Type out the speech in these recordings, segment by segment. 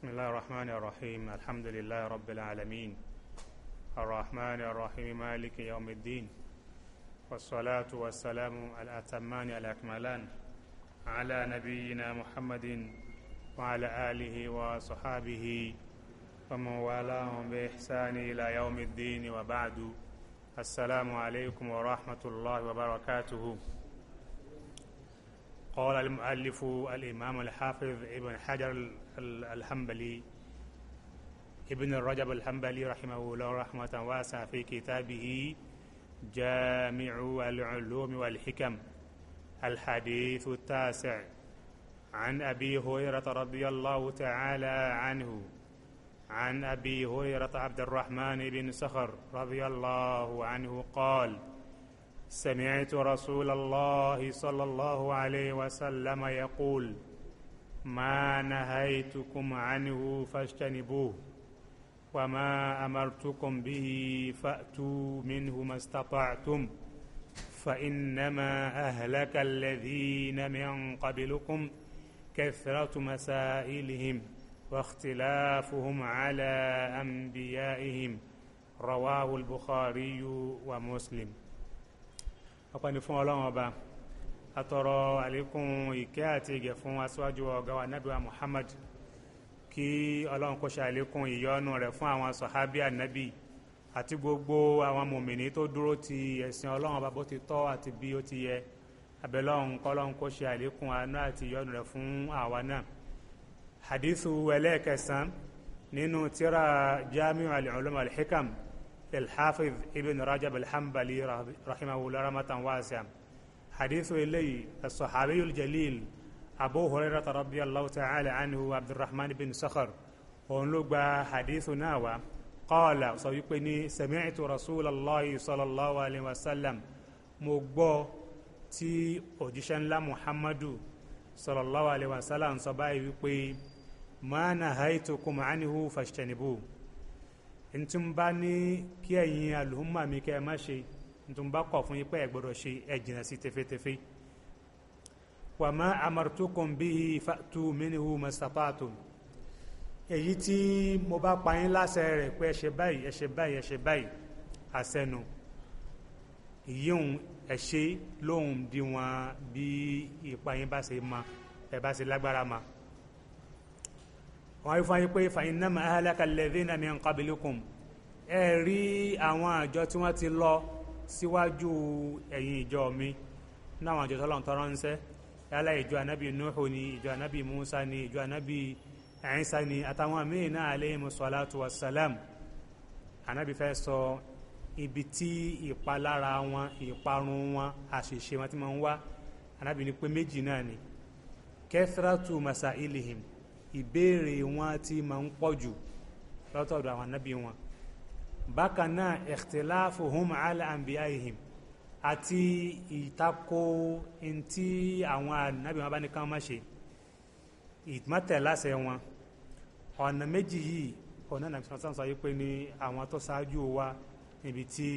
بسم الله الرحمن الرحيم الحمد لله رب العالمين الرحمن الرحيم مالك يوم الدين والصلاة والسلام الأتمان الأكملان على نبينا محمد وعلى آله وصحابه ومن والاهم بإحسان إلى يوم الدين وبعد السلام عليكم ورحمة الله وبركاته قال المؤلف الإمام الحافظ ابن حجر الحنبلي ابن الرجب الحنبلي رحمه الله رحمة واسعة في كتابه جامع العلوم والحكم الحديث التاسع عن أبي هريرة رضي الله تعالى عنه عن أبي هريرة عبد الرحمن بن صخر رضي الله عنه قال سمعت رسول الله صلى الله عليه وسلم يقول ما نهيتكم عنه فاجتنبوه وما امرتكم به فاتوا منه ما استطعتم فانما اهلك الذين من قبلكم كثره مسائلهم واختلافهم على انبيائهم رواه البخاري ومسلم ọpẹ́ ni fún ọlọ́run ọba atọrọ àlékún ìkẹ́ àti ìgẹ̀ fún aṣáájú ọ̀gá wa nàbíwá muhammad kí ọlọ́run kó ṣe àlékún ìyọ́nú rẹ̀ fún àwọn sọ̀hábí ànábì àti gbogbo àwọn mòmìnì tó dúró ti ẹ̀sìn ọlọ́run ọba bó ti tọ́ àti bí ó ti yẹ abẹ́lọ́run kọ́lọ́run kó ṣe àlékún àánú àti ìyọ́nú rẹ̀ fún àwa náà hadithu ẹlẹ́ẹ̀kẹsàn nínú tíra jamiu al-ulum al-hikam al الحافظ ابن رجب الحنبلي رحمه الله رحمة واسعة حديث إلي الصحابي الجليل أبو هريرة رضي الله تعالى عنه عبد الرحمن بن صخر ونلقى ناوى قال سيقني سمعت رسول الله صلى الله عليه وسلم مقبو تي أجيشن لا محمد صلى الله عليه وسلم صباي ويقوي ما نهيتكم عنه فاجتنبوه ntúmbá ní kí ẹ̀yin àlùmọ́ mi kẹ́ ẹ má ṣe ntúmbá kọ̀ fún yín pé ẹ gbọ́dọ̀ ṣe ẹ jìnnà sí tẹfẹtẹfẹ. wàmọ́ amartukum bihi fatu minhu mastata'tum èyí tí mo bá pa yín láṣẹ rẹ̀ pé ẹ ṣe báyìí ẹ ṣe báyìí ẹ ṣe báyìí àṣẹnu ìyíhùn ẹ lóhùn díwọn bí ìpa yín bá ṣe ma ẹ bá ṣe lágbára ma wọ́n á fún yín pé fa innama ahlaka alladhina min qablikum ẹ rí àwọn àjọ tí wọ́n ti lọ síwájú ẹ̀yin ìjọ mi náwọn àjọ tọ́lọ̀ tọ́rọ̀ ń sẹ́ yálà ìjọ anábì nuhu ni ìjọ anábì musa ni ìjọ anábì Ìsá ni àtàwọn míì náà alayhimu salatu wassalam anábì fẹ́ sọ ibi tí ìpalára wọn ìparun wọn àṣìṣe wọn ti máa ń wá anábì ní pé méjì náà ni kathratu masailihim ìbéèrè wọn ti máa ń pọ̀ jù lọ́tọ̀dọ̀ àwọn anábì wọn bákan náà ikhtilafuhum ala anbiyaihim àti ìtakò ntí àwọn anábì wọn bá ní ká má ṣe ìmọ̀tẹ̀láṣẹ wọn ọ̀nà méjì yìí ọ̀nà nàbí sọ́sán sọ wípé ní àwọn tó ṣáájú wa níbi tí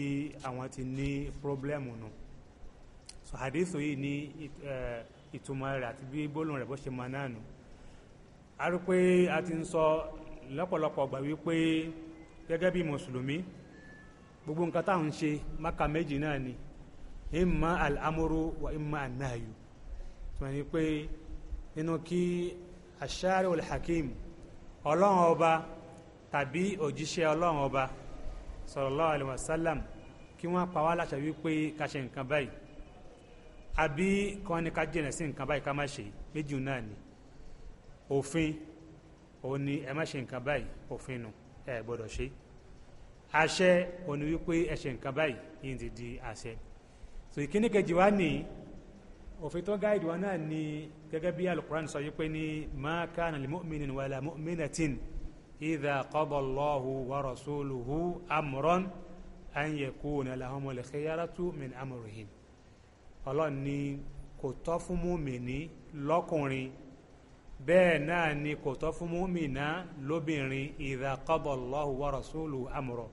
àwọn ti ní pírọ́blẹ́mù nù so hadith yìí ní eh, ìtumọ̀ rẹ̀ àti bí gbólóhùn rẹ̀ bó ṣe máa náà nù a rí pé a ti ń sọ lọ́pọ̀lọpọ̀ gbà wípé gẹ́gẹ́ bí mùsùlùmí gbogbo nǹkan táwọn ń ṣe maka méjì náà ni imma al-amru wa imma an-nahyu tuma ni pé nínú kí aṣááre olùhakim ọlọ́run ọba tàbí òjíṣẹ́ ọlọ́run ọba sallallahu alaihi wasallam kí wọ́n pa wá láṣẹ wípé ká ṣe nǹkan báyìí àbí kí ká jìnà sí nǹkan báyìí ká má ṣe méjì náà ni òfin òun ni ẹ má ṣe nǹkan báyìí òfin nu ẹ gbọ́dọ̀ ṣe àṣẹ òun ni wípé ẹ ṣe nǹkan báyìí yìí ti di àṣẹ so ìkíní kejì wa ní òfin tó gáàdì wa náà ni gẹ́gẹ́ bí alukuran sọ wípé ní ma kana li mu'minin wala mu'minatin idha qada Allahu wa rasuluhu amran an yakuna min amrihim ọlọ́run kò tọ́ fún mùmíní lọ́kùnrin bẹ́ẹ̀ náà ni kò tọ́ fún múmìnà lóbìnrin idha qaballahu wa rasuluhu amra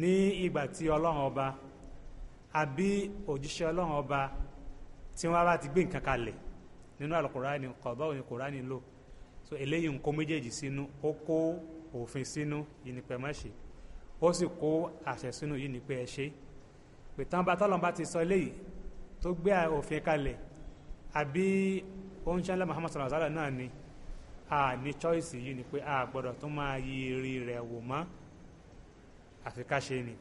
ní ìgbà tí ọlọ́run ọba àbí òjíṣẹ́ ọlọ́run ọba tí wọ́n bá ti gbé nǹkan kalẹ̀ nínú àlùkùránì kọ̀ọ̀bá òní kùránì lò so eléyìí ń kó méjèèjì sínú ó kó òfin sínú yìí ni ó sì kó àṣẹ sínú yìí ni pé bá tọ́lọ́n ti sọ eléyìí tó gbé òfin kalẹ̀ àbí òun ṣe ńlá Muhammad sallallahu alaihi wasallam náà ni a ní choice yìí ni pé a gbọ́dọ̀ tó máa yí eré rẹ̀ wò mọ́ àfi ká ṣe ni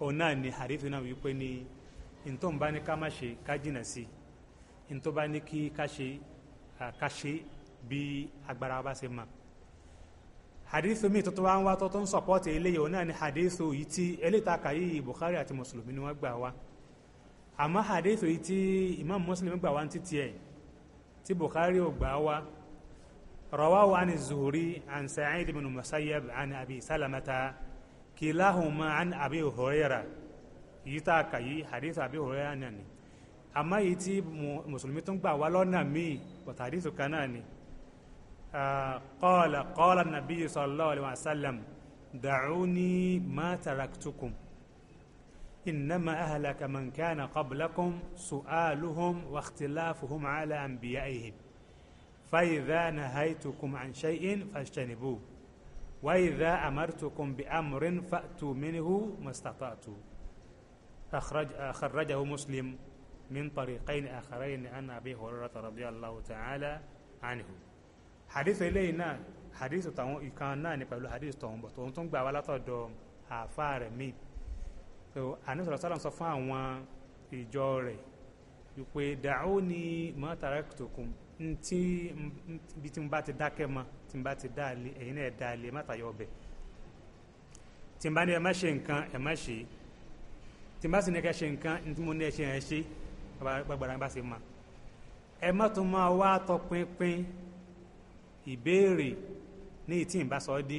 òun náà ni hadith náà wípé ni ntọ́ ń bá ní ká má ṣe ká jìnà sí ntọ́ bá ní kí ká ṣe ká ṣe bí agbára bá ṣe mọ̀ hadith mi tuntun wa ń wá tọ́tún sọ̀pọ́tì eléyìí òun náà ni hadith yìí tí eléyìí ta kà yìí Bukhari àti Mùsùlùmí ni wọ́n gbà wá àmọ́ hadith yìí tí Imam Muslim gbà wá ń títí ẹ̀ tí Bukhari ò gbà wá rawahu an Zuhri an Sa'id ibn Musayyab an Abi Salamata kilahuma an Abi Huraira yìí tá a kà yìí hadith Abi Huraira náà ni àmọ́ yìí tí mùsùlùmí tún gbà wá lọ́nà míì bọ̀tà hadith kan náà ni ah, qala qala an-nabiy sallallahu alayhi wa sallam da'uni ma taraktukum. إنما أهلك من كان قبلكم سؤالهم واختلافهم على أنبيائهم فإذا نهيتكم عن شيء فاجتنبوه وإذا أمرتكم بأمر فأتوا منه ما استطعتوا أخرج أخرجه مسلم من طريقين آخرين عن أبي هريرة رضي الله تعالى عنه حديث إلينا حديث تاون كان ناني حديث تاون بتون تون gbà wá látọ̀dọ̀ àfáà rẹ̀ so àníṣòro sálàm sọ fún àwọn ìjọ rẹ̀ wípé dàó ni mọ́ taraktukum ntí bí tí n bá ti dákẹ́ mọ́ tí n bá ti dá ilé ẹ̀yin náà dá ilé má tayọ ọbẹ̀ tí n bá ní ẹ má ṣe nǹkan ẹ má ṣe tí n bá sì ní ẹ ṣe nǹkan ntí mo ní ẹ ṣe ẹ ṣe gbàgbàrà bá ṣe máa ẹ má tún máa wá tọpinpin ìbéèrè ní ìtì ìbásọ dé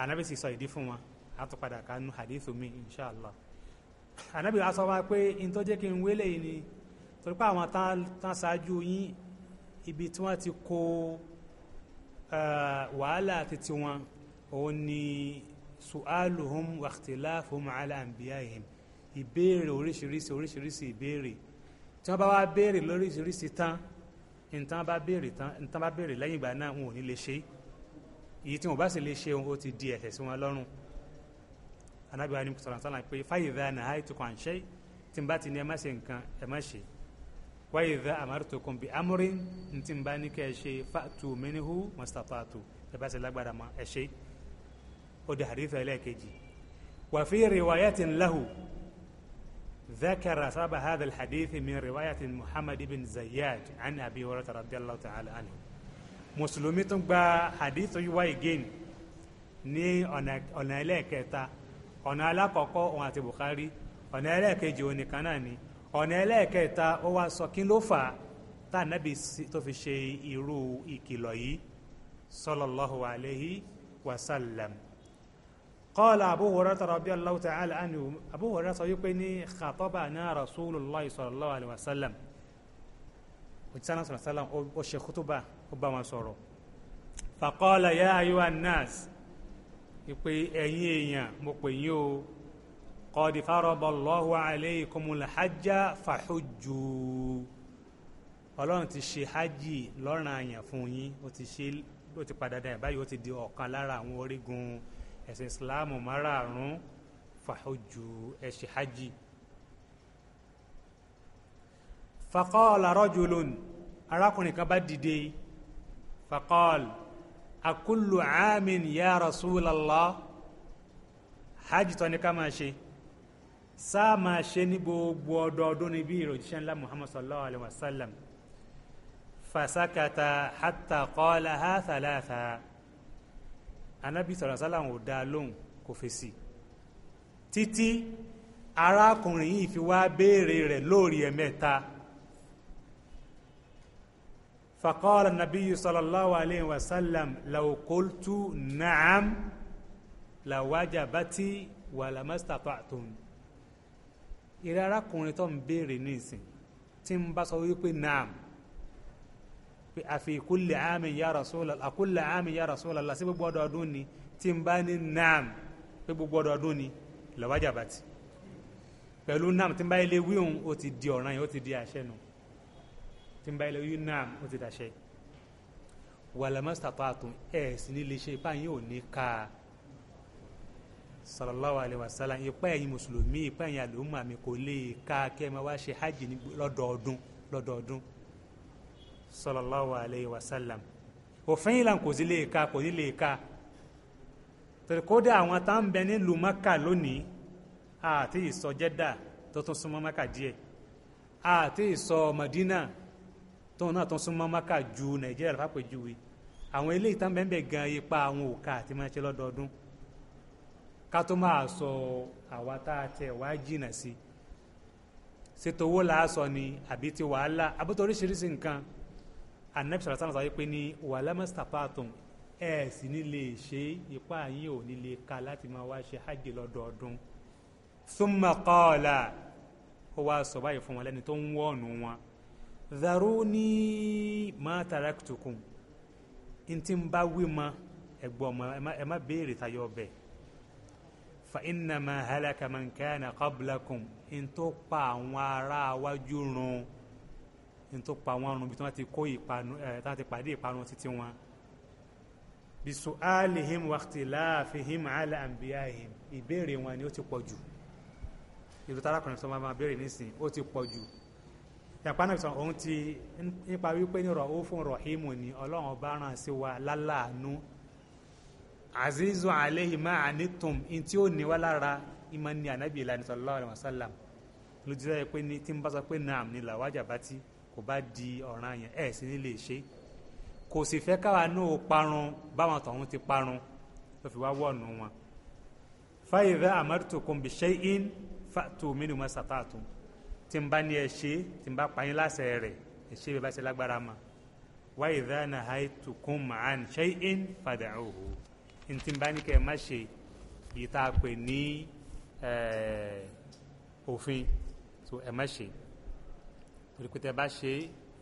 ànábìsì sọ ìdí fún wọn àtúpadà kanu hadith mi inshallah anabi wa sọ wa pé n tó jẹ́ kí n wélé yìí ni torí pé àwọn tán ṣáájú yín ibi tí wọ́n ti kó wàhálà àti tiwọn òun ni su'aluhum wa ikhtilafuhum ala anbiya'ihim ìbéèrè oríṣiríṣi oríṣiríṣi ìbéèrè tí wọ́n bá wá béèrè lóríṣiríṣi tán nǹkan bá béèrè tán nǹkan bá béèrè lẹ́yìn ìgbà náà wọn ò ní lè ṣe èyí tí wọn bá sì lè ṣe òun ti di ẹ̀ṣẹ̀ sí wọn lọ́rùn anabi wa ni sọ̀rọ̀ sọ̀rọ̀ pé fáyidá nà áyì tukọ̀ àǹṣẹ́ tí n bá ti ní ẹ má ṣe nǹkan ẹ má ṣe wáyidá amartukum bi amrin n tí n bá ní kẹ́ ẹ ṣe fàtú minhu mastata'tu ẹ bá ṣe lágbára ma ẹ ṣe ó di hadith ẹlẹ́ẹ̀kejì wa fi riwayatin lahu ذكر سبب هذا الحديث من رواية محمد بن زياد عن أبي هريرة رضي الله تعالى عنه مسلمي تنبا حديث يواي ني ni ọ̀nà ẹlẹ́ẹ̀kẹta ọ̀nà alákọ̀ọ́kọ́ òun àti Bukhari ọ̀nà ẹlẹ́ẹ̀kejì òun nìkan náà ni ọ̀nà ẹlẹ́ẹ̀kẹta ó wá sọ kí ló fà á tá ànábì tó fi ṣe irú ìkìlọ̀ yìí sallallahu alayhi wa sallam qala Abu Hurairah radiyallahu ta'ala anhu Abu Hurairah sọ wípé ní khatabana Rasulullah sallallahu alayhi wa sallam òtísánà sọ̀rọ̀ sálàm ó ṣe kútúbà ó bá wọn sọ̀rọ̀ faqala ya ayyuhan nas ìpè ẹ̀yin èèyàn mo pè yín o qad faradallahu alaykumul hajja fahujju ọlọ́run ti ṣe hajj lọ́rùn àyàn fún yín ó ti ṣe ó ti padà dáyà báyìí ó ti di ọ̀kan lára àwọn orígun ẹ̀sìn ìsìláàmù márààrún fahujju ẹ ṣe hajj. faqala rajulun arákùnrin kan bá dìde faqala akullu amin ya rasulallah hajj tó ní ká máa ṣe sáà máa ṣe ní gbogbo ọdọọdún ní bí ìròjíṣẹ́ ńlá muhammad sallallahu alaihi wa sallam fasakata hatta qala ha thalatha anabi sallallahu alaihi wa sallam ò dá lóhùn kò fèsì títí arákùnrin yìí fi wá béèrè rẹ̀ lórí ẹ̀mẹ́ta. E فقال النبي صلى الله عليه وسلم لو قلت نعم لوجبتي ولما استطعتم ìrẹ arákùnrin tó ń béèrè ní ìsìn tí ń bá sọ wípé naam pé àfi kulli amin ya Rasulallah kulli amin ya Rasulallah sí gbogbo ọdọọdún ni tí ń bá ní naam pé gbogbo ọdọọdún ni lawajabati pẹ̀lú naam tí ń bá ilé wíhùn ó ti di ọ̀ràn yìí ó ti di àṣẹ nù tí ń bá ilẹ̀ yìí náà ó ti dàṣẹ wàlámọ́sítàtàtù ẹ̀ sì ní lè ṣe ipá yín ò ní ká sallallahu alayhi wa sallam ipá ẹ̀yin mùsùlùmí ipá ẹ̀yin àlùmọ́ mi kò lè ká kẹ́ ẹ máa wá ṣe hajj lọ́dọọdún lọ́dọọdún sallallahu alayhi wa sallam òfin ìlànà kò sí lè ká kò ní lè ká torí kódà àwọn tá ń bẹ nílùú maka lónìí àti ìsọjẹ́dà tó tún súnmọ́ maka díẹ̀ àti ìsọ madina tóun náà tó súnmọ́ maka ju nàìjíríà lọ́fà pé ju wí àwọn eléyìí tán bẹ́ẹ̀ gan ipa àwọn òkà àti máa ṣe lọ́dọọdún ká tó máa sọ àwa tá a tẹ̀ wá jìnà sí ṣètò owó làásọ ni àbí ti wàhálà àbótó oríṣiríṣi nǹkan anabi sọ̀rọ̀ sáwọn sọ̀rọ̀ pé ní wàhálà mọ́sítàpáàtùn ẹ̀ sì ní lè ṣe ipá yín ò ní lè ka láti máa wá ṣe hajj lọ́dọọdún thumma qala ó wá sọ báyìí fún wọn lẹ́ni tó ń wọ́ọ̀nù wọn dharuni ma taraktukum ntí n bá wí ma ẹ̀gbọ́n ma ẹ má béèrè tayọ bẹ́ẹ̀ fa innama halaka man kana qablakum ntó pa àwọn ará wájú run ntó pa wọn run bí tí wọ́n ti kó ìpanu ẹ tí wọ́n ti pàdé ìpanu títí wọn bisu'alihim wa ikhtilafihim ala anbiya'ihim ìbéèrè wọn ni ó ti pọ̀ jù ìlú tárakùnrin sọ ma ma béèrè nísìnyí ó ti pọ̀ jù yàpá náà sọ òun ti nípa wípé ní rọ̀ ó fún rọ̀hímù ni ọlọ́run ọba ràn sí wa lálàánú azizu aleyhi ma anitum ntí ó ní wa lára ìmọ̀ ni anabi ìlànà sallallahu alayhi wa sallam lójú sẹ́yìn pé ní tí n bá sọ pé naam ni làwájà bá ti kò bá di ọ̀ràn yẹn ẹ̀ sì ní lè ṣe kò sì fẹ́ káwa náà parun báwọn tọ̀hún ti parun tó fi wá wọ̀nù wọn. fa idha amartukum bi shay'in fa'tu minhu tí n bá ní ẹ ṣe tí n bá pa yín láṣẹ rẹ̀ ẹ ṣe bí bá ṣe lágbára ma wa idha nahaytukum an shay'in fad'uhu n tí n bá ní kẹ́ ẹ má ṣe yìí tá a pè ní eh, òfin so ẹ má ṣe torí bá ṣe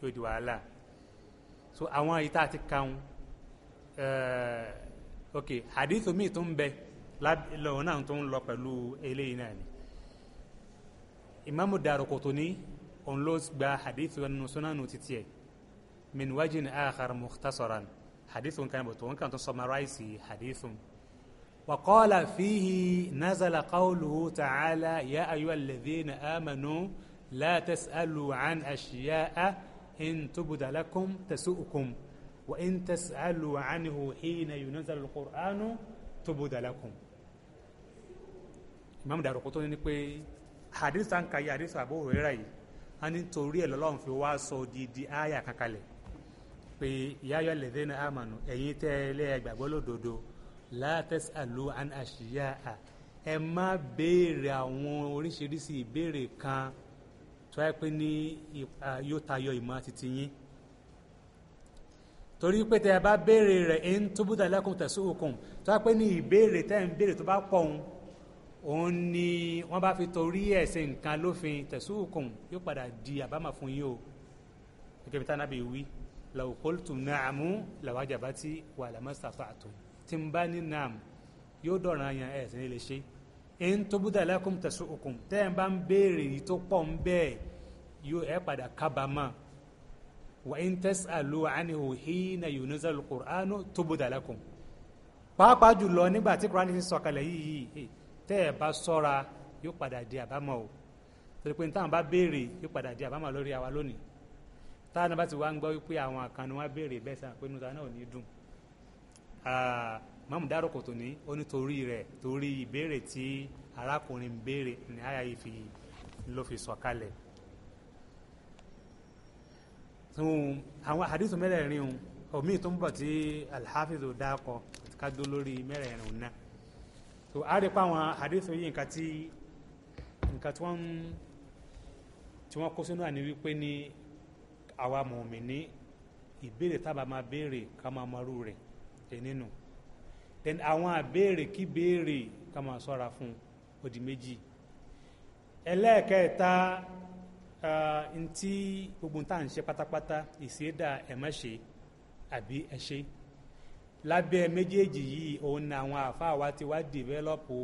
yóò di wàhálà so àwọn yìí tá a ti kàún eh, ok hadith mi tó ń bẹ lọ́wọ́ náà tó ń lọ pẹ̀lú eléyìí náà ni imaamu Daraqutni òun ló gba hadith wa nínú sunanu títí ẹ̀ min wajin akhar mukhtasaran hadith wọn kan bọ̀ tó wọn kàn tó summarize hadith wọn. وقال فيه نزل قوله تعالى يا أيها الذين آمنوا لا تسألوا عن أشياء إن تبد لكم تسؤكم وإن تسألوا عنه حين ينزل القرآن تبد لكم إمام دار قطن hadith tá n ka yìí hadith Abu Hurairah yìí a ní torí ẹ̀ lọ́lọ́run fi wá sọ odidi aya kankalẹ̀ pé yáyọ lẹ́dẹ́nu amànù ẹ̀yin tẹ́ ẹlẹ́ gbàgbọ́ lódodo la tas'alu an ashiya'a ẹ má béèrè àwọn oríṣiríṣi ìbéèrè kan tó yẹ pé ní yóò tayọ ìmọ̀ yín torí pé tẹ́ ẹ bá béèrè rẹ̀ in tubuda lakum tasu'ukum tó yẹ pé ní ìbéèrè tẹ́ ń béèrè tó bá pọ̀ òun òun ni wọ́n bá fi torí ẹ̀sìn nǹkan lófin tẹ̀sùkùn yóò padà di àbámà fún yín o gẹ́gẹ́ bí tánàbí wí law qultum na'amu lawajabati wa lamastata'tum tí n bá ní na'am yóò dọ̀ràn àyàn ẹ̀sìn lè ṣe in tubda lakum tẹ̀sùkùn tẹ́ ẹ̀ bá ń béèrè yìí tó pọ̀ ń bẹ́ẹ̀ yóò ẹ̀ padà kábàámà wa in tas'alu anhu hina yunzalu qur'anu tubda lakum pàápàá jùlọ nígbà tí kúránì ti sọ̀kalẹ̀ yìí yìí tẹ́ ẹ bá sọ́ra yóò padà di àbámọ̀ o torí pé táwọn bá béèrè yóò padà di àbámọ̀ lórí àwa lónìí táwọn bá ti wá ń gbọ́ wípé àwọn àkànnì wọn béèrè bẹ́ẹ̀ sàn pé nùtà náà ò ní dùn mọ́mú dárò kò tó ní ó ní torí rẹ̀ torí ìbéèrè tí arákùnrin béèrè ní àyà yìí fi ló fi sọ kalẹ̀ àwọn àdìsùn mẹ́rẹ̀ẹ̀rin omi tó ń bọ̀ tí alhafiz ò dákọ̀ ká dó lórí mẹ́rẹ̀ẹ̀rin náà so a rí pa àwọn hadith yìí nǹkan tí nǹkan tí wọ́n tí wọ́n kó sínú àní wípé ní àwa mùmíní ìbéèrè tábà máa béèrè ká máa mọrú rẹ̀ ẹ̀ nínú then àwọn àbéèrè kí béèrè ká máa sọ́ra fún ó méjì ẹlẹ́ẹ̀kẹta ntí gbogbo tá ń ṣe pátápátá ìṣèdá ẹ̀ má ṣe àbí ẹ ṣe lábẹ́ méjèèjì yìí òun ni àwọn àfáà wa ti wá dìvẹ́lọ́pù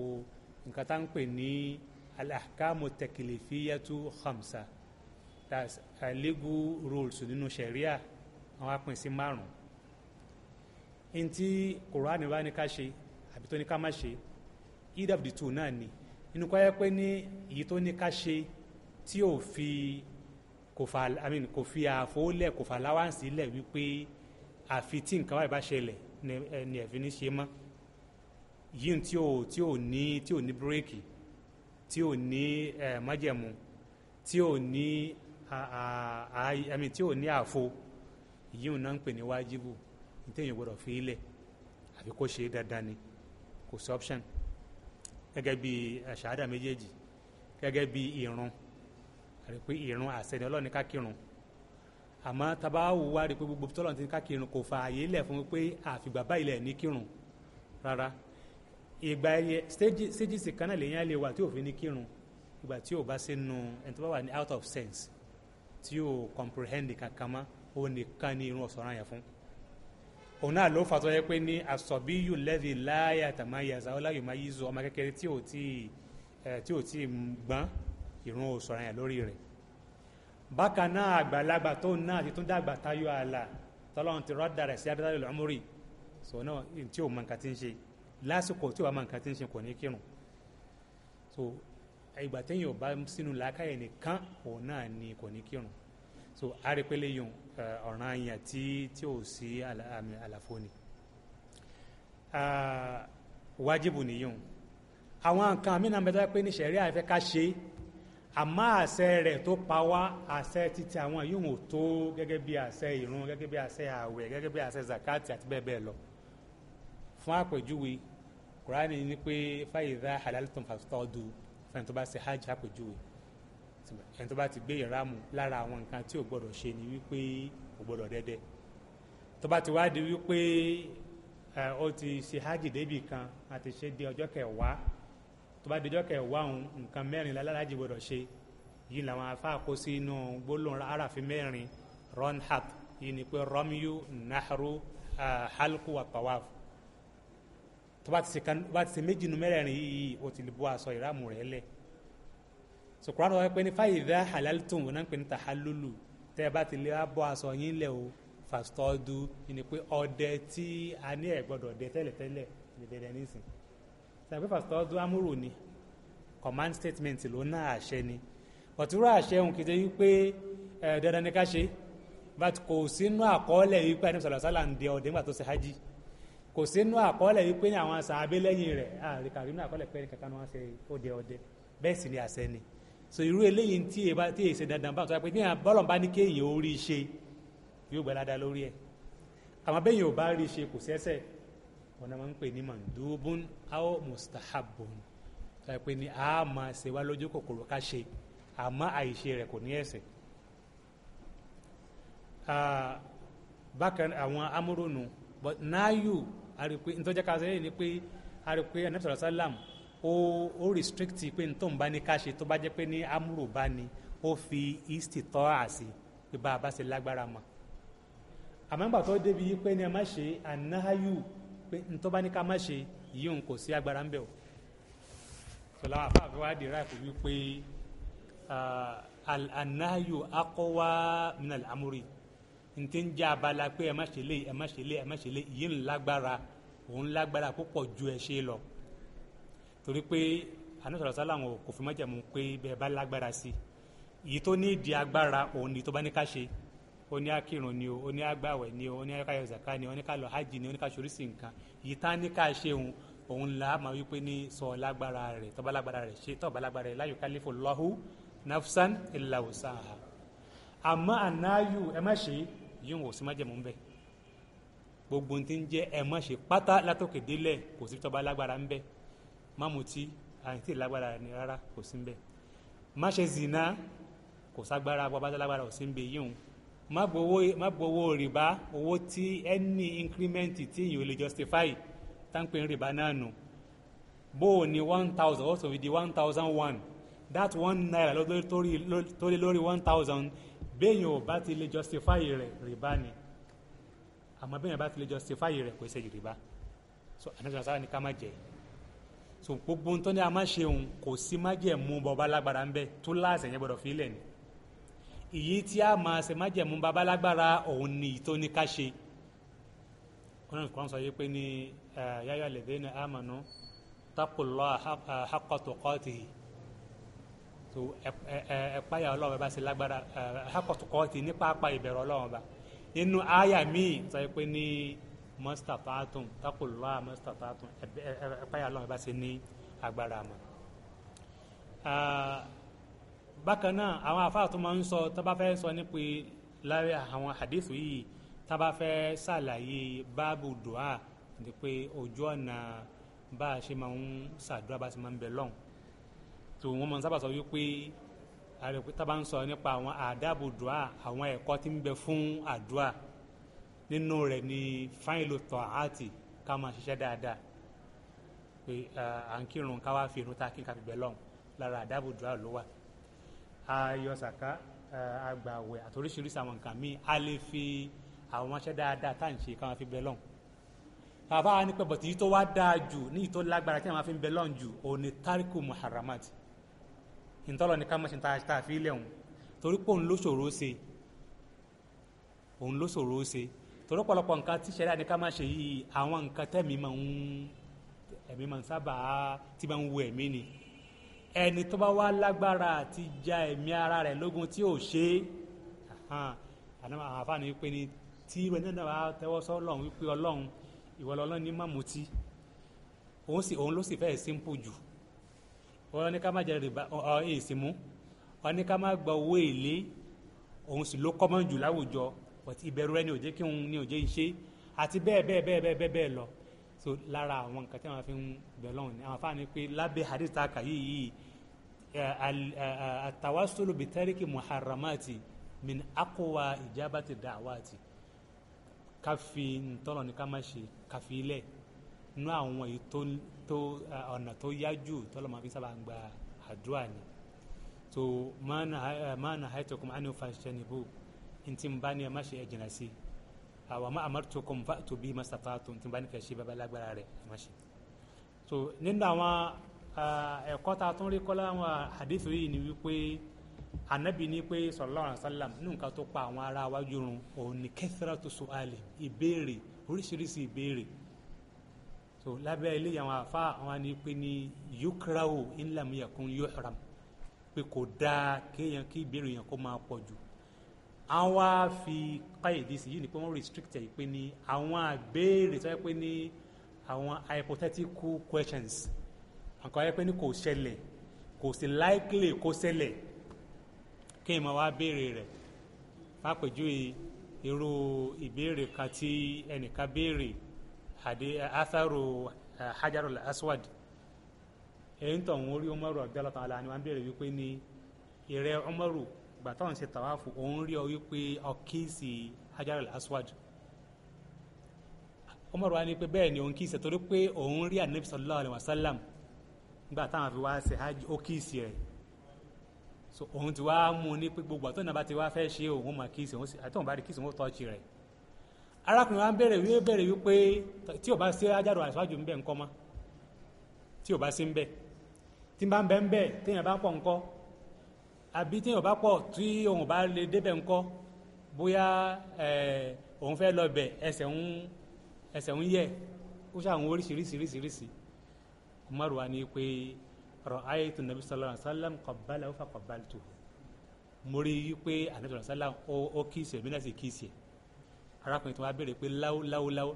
nǹkan tá ń pè ní alahkamu tekilifiyatu khamsa that's uh, legal rules nínú sharia àwọn apin sí márùn ntí kòránì bá ní ká ṣe àbí tó ní ká má ṣe either of the two náà ni nínú kọ́ yẹ pé ní èyí tó ní ká ṣe tí ò fi kò fa I mean kò fi àfọwọ́lẹ̀ kò fa láwáǹsì lẹ̀ wípé àfi tí nǹkan wà bá ṣẹlẹ̀ Eh, ni ẹ̀fín ní ṣe mọ́ yìí tí ò tí ò ní tí ò ní bírèkì tí ò ní eh, májẹ̀mú tí ò ní àmì tí ò ní àfo yìí náà ń pè ní wájibù nítorí gbọ́dọ̀ fi ilẹ̀ àbí kó ṣe dandan ni kò sí option gẹ́gẹ́ bí eh, ṣàádà méjèèjì gẹ́gẹ́ bí ìrun àti pé ìrun àṣẹ ọlọ́ọ̀ni ká àmọ́ taba wò wá rí i pé gbogbo tọ́lọ̀ ti ká kírun kò fa àyè lẹ̀ fún pé àfìgbà báyìí lẹ̀ ní kírun rárá ìgbà ẹyẹ stages kan náà lèyìn á lè wà tí òfin ní kírun ìgbà tí ò bá sínú ẹni tó bá wà ní out of sense tí ò comprehend kankan mọ́ ó nìkan ní irun ọ̀sán ráyà fún òun náà ló fàtọ́ yẹ pé ní asọ̀bíyù lẹ́dí láyà tàmáyàzá ọláyò máa yí zo ọmọ kékeré tí ò tí ì gbọ́n irun ọ̀sán ráyà lórí rẹ̀ bákan náà àgbàlagbà tó náà ti tún dàgbà tayọ ààlà tọ́lọ́run ti rọ́dà rẹ̀ sí abẹ́tàlẹ́ lọ́múrì sọ náà tí ò mọ nǹkan tí ń ṣe lásìkò tí ò mọ nǹkan tí ń ṣe kò ní kírun so ìgbà téèyàn ò bá sínú làákàyè nìkan òun náà ni kò ní kírun so arépélé yun ọ̀ràn àyàn tí tí ò sí àmì àlàfo ni wájibù nìyẹn àwọn nǹkan mí náà mẹ́ta pé ní sẹ̀ríà fẹ́ ká ṣe àmọ́ àṣẹ rẹ̀ tó pa wá àṣẹ títí àwọn yóò wò tó gẹ́gẹ́ bí àṣẹ ìrun gẹ́gẹ́ bí àṣẹ ààwẹ̀ gẹ́gẹ́ bí àṣẹ zakati àti bẹ́ẹ̀ bẹ́ẹ̀ lọ fún àpèjúwe kùránì ní pé fàyídà halaltum fastadu fẹ́ni tó bá ṣe hajj àpèjúwe ẹni tó bá ti gbé ìramu lára àwọn nǹkan tí ò gbọdọ̀ ṣe ni wípé ò gbọdọ̀ dẹ́dẹ́ tó bá ti wá di wípé ó ti ṣe hajj débì kan àti ṣe dé ọjọ́ kẹwàá tó bá dijọ́ kẹwàá òun nǹkan mẹ́rin lálàájì gbọdọ̀ ṣe yìí làwọn afá kó sí inú gbólóhùn aráàfin mẹ́rin ronhat yìí ni pé romyu nahru halku wa tawaf tó bá ti se méjì nu mẹ́rẹ̀ẹ̀rin yìí o ti lè aṣọ ìrámù rẹ̀ lẹ̀ so Qur'an wọ́n pé ní fàyídà halaltum wọn náà pé ní tahallulu tẹ́ ẹ bá ti lè bọ́ aṣọ yín lẹ̀ o fàstọ́dù yìí ni pé ọdẹ tí a ní ẹ̀ gbọdọ̀ dẹ tẹ́lẹ̀tẹ́lẹ̀ lè dẹ̀dẹ̀ nísìnyí sàbí pásítọ̀ duamuru ni command statement ló ná àṣẹ ni ọ̀túnrọ̀ àṣẹ òun kìí ṣe wípé eh, dandan ni ká ṣe but kò sínú àkọọ́lẹ̀ wípé àdìmọ̀ sàlọ̀ sálà ń dẹ ọ̀dẹ́ nígbà tó ṣe hajj kò sínú àkọọ́lẹ̀ wípé ní àwọn àṣà abẹ́lẹ́yìn rẹ̀ àríkàrí nínú àkọọ́lẹ̀ pé nìkan kan wọ́n ṣe ọ̀dẹ ọ̀dẹ bẹ́ẹ̀ sì ni àṣẹ ni so irú eléyìí tí èyí bá tí èyí ṣe dandan bá tó yà pé ní bọ́lọ̀ bá ní kéèyàn ó rí ṣe yóò gbẹ́ládá wọn máa ń pè ní mandubun aw mustahabun táyà pé ní a máa ṣe wá lójú kòkòrò ká ṣe àmọ́ àìṣe rẹ̀ kò ní ẹ̀ṣẹ̀ bákan àwọn amúrónù but náyù àrípé ntọ́jà ká sẹ́yìn ni pé àrípé anabisala salam ó ó restrict pé n tó ń bá ní ká ṣe tó bá jẹ́ pé ní amúrò bá ní ó fi isti tọ́ àṣì pé bá a bá ṣe lágbára mọ́ àmọ́ nígbà tó débi pé ní a má ṣe ànáyù pé ntọ́ bá ní ká má ṣe yìí òun kò sí agbára ń bẹ̀ o sọlá àfààfẹ́ wa dèrà kò wí pé anayo akọwa minal amuri ntí ń jẹ́ abala pé ẹ má ṣe lé ẹ má ṣe lé ẹ má ṣe lé yìí ń lágbára òun lágbára púpọ̀ ju ẹ lọ torí pé anusọ̀rọ̀ sálà wọn kò fi mọ́jà mú pé bẹ́ẹ̀ bá lágbára sí i yìí tó ní ìdí agbára òun ni tó bá ní ká ṣe ó ní akírun ni o ó ní agbàwẹ̀ ni o ó ní akayọ zaka ni o ó kalọ hajj ni o ó ní kasorisi nǹkan yìí tá ní ká ṣeun òun là á máa wípé ní sọ lágbára rẹ̀ tọ́ba ṣe tọ́ba lágbára rẹ̀ la yukallifu Allahu nafsan illa wusaha àmọ́ ànáyù ẹ má ṣe yíwọ̀n ò sí má jẹ̀mú bẹ́ẹ̀ gbogbo tí ń jẹ́ ẹ má ṣe pátá látòkè délẹ̀ kò sí tọ́ba lágbára ń bẹ́ẹ̀ má àyìntì lágbára ni rárá kò sí ń má ṣe zina kò ságbára bọ́ bá lágbára ò sí ń bẹ́ẹ̀ yíwọ̀n má gbowó rìbá owó tí ẹni increment tí yìí ò lè justify táǹpẹ̀ rìbá náà nù bó o ní one thousand also with the one thousand one that one naira lórí lórí one thousand béèyàn ò bá ti lè justify rẹ̀ rìbá ni àmọ́ béèyàn bá ti lè justify rẹ̀ kò ṣe rìbá so anagba sára ni ká má jẹ so gbogbo ntọ́ni a má ṣe òun kò sí má jẹ mú bọ́ bá lágbára ń bẹ tó láàṣẹ yẹn gbọdọ̀ fi lẹ̀ ni èyí tí a máa ṣe májẹ̀mú babalágbára òun ni ìtóní ká ṣe kọ́nà sọ yìí pé ní yáyọ lẹ́dẹ́ ní amànú taqullah haqqa tuqatihi tó ẹ̀páyà ọlọ́run bá ṣe lágbára haqqa tuqatihi ní pápá ìbẹ̀rù ọlọ́run bá nínú àyà míì sọ pé ní mastata'tum taqullah mastata'tum ẹ̀páyà ọlọ́run bá ṣe ní agbára mọ́ bákan náà àwọn àfáà tó máa ń sọ tó bá fẹ́ sọ nípe lára àwọn hadith yìí tá bá fẹ́ ṣàlàyé báàbù dùá ni pé ojú ọ̀nà bá a ṣe máa ń ṣàdúrà bá ti máa ń bẹ lọ́hùn tó wọ́n máa ń sábà sọ wípé tá ń sọ nípa àwọn àdábù dùá àwọn ẹ̀kọ́ tí ń bẹ fún àdúà nínú rẹ̀ ni fáìlù tọ̀ àti ká máa ṣiṣẹ́ dáadáa pé à ń kírun ká wá fi irun tá a kí ká fi bẹ lọ́hùn lára àdábù dùá ló wà ayọ sàká agbàwẹ̀ àtòríṣiríṣi àwọn nǹkan míì a lè fi àwọn aṣẹ́ dáadáa tá à ń ṣe káwọn fi bẹ lọ́hùn bàbá wa ní pẹ́ bọ̀tí yìí tó wá dáa jù ní ìtò lágbára tí àwọn fi bẹ lọ́hùn jù òun ni tariku muharramat ìtọ́lọ̀ ní kámọ́ṣe tá a fi ilẹ̀ hùn torí pé òun ló ṣòro ṣe òun ló ṣòro ṣe torí pọ̀lọpọ̀ nǹkan tí ṣẹ̀dá ní kámọ́ṣe yìí àwọn nǹkan tẹ̀mí máa ń ẹ̀mí máa ń sábà tí máa ń wo ẹ̀mí ni ẹni tó bá wá lágbára àti ja ẹ̀mí ara rẹ̀ lógun tí ò ṣe é àwọn àfààní pé ni tí ìwé náà bá tẹ́wọ́ sọ́ ọlọ́run wípé ọlọ́run ìwọ lọ́lọ́run ní mọ̀mọ́tí òun sì òun ló sì fẹ́ẹ́ simple jù wọ́n ní ká má jẹ rìbá ọ èsì mú wọ́n ní ká má gba owó èlé òun sì ló common jù láwùjọ ìbẹ̀rù rẹ̀ ni ò kí òun ni ò ń ṣe àti bẹ́ẹ̀ bẹ́ẹ̀ bẹ́ẹ̀ bẹ́ẹ̀ bẹ́ẹ̀ lọ so lára àwọn nǹkan tí wọn fi ń bẹ lọ́wọ́ ni àwọn afáàní pé lábẹ́ hadith kà yìí yìí àtàwásólò bìtẹ́ríkì muharramati min akọwa ìjábàtì dàwátì káfí ntọ́lọ̀ ní ká má ṣe káfí ilẹ̀ nú àwọn èyí tó ọ̀nà tó yájú tọ́lọ̀ máa fi sábà gba àdúrà ni so máa nà háìtọ̀kùn ánìfàṣẹ́ nìbò ntí n bá ní ẹ má ṣe ẹ sí i awa ma amartukum fa'tu bi mastata'tum tí n bá nífẹ̀ẹ́ ṣe bàbá lágbára rẹ̀ má ṣe. so nínú àwọn ẹ̀kọ́ tá a tún rí kọ́lá àwọn àdéhùn yìí ni wípé anabi ní pé sallallahu alaihi wasallam nun nǹkan tó pa àwọn ará wájú run òun ni kathratu su'ali ìbéèrè oríṣiríṣi ìbéèrè so lábẹ́ ilé àwọn afa àwọn ni pé ni yukrahu in lam yakun yuhram pé kò dáa kéèyàn kí ìbéèrè yẹn kó máa pọ̀ jù àwọn wá fi káyèdè sí yìí ni pé wọ́n restrict ẹ̀ pé ní àwọn àgbéèrè tó yẹ pé ní àwọn hypothetical questions nǹkan yẹ pé ní kò ṣẹlẹ̀ kò sí likely kó ṣẹlẹ̀ kí n máa wá béèrè rẹ̀ fàpèjúwe irú ìbéèrè kan tí ẹnìkan béèrè àdé atharu eh, hajarul aswad èyí tó ń rí umaru abdullahi ta'ala ni wọ́n béèrè wípé ní ìrẹ́ umaru gbà tọ́run ṣe tàwáfù òun rí ọ wípé ọkíìsì hajar al-aswad Umar wa ni pé bẹ́ẹ̀ ni òun kíìsì torí pé òun rí anabi sallallahu alayhi wa sallam táwọn fi wá ṣe hajj rẹ̀ so òun ti wá mú ní gbogbo àtọ́nà bá ti wá fẹ́ ṣe òun kíìsì òun àtọ́nà bá rí kíìsì òun rẹ̀ arákùnrin wa ń bèrè wíwé bèrè wípé tí ò bá ṣe hajar al-aswad ń bẹ̀ ńkọ́ mọ́ tí ò bá ṣe ń bẹ̀ àbí tí èèyàn bá pọ̀ tí òun bá lè débẹ̀ ńkọ́ bóyá eh, òun fẹ́ lọ bẹ̀ ẹsẹ̀ ń ẹsẹ̀ ń yẹ̀ ó ṣàwọn oríṣiríṣiríṣiríṣi Umaru wa ni pé ra'aytu nabi sallallahu alaihi wasallam qabbalahu fa qabbaltuhu mo rí i pé anabi sallallahu alaihi wasallam ó kíìsì ẹ̀mí náà sì kíìsì ẹ̀ arákùnrin tó wá béèrè pé láwó láwó láwó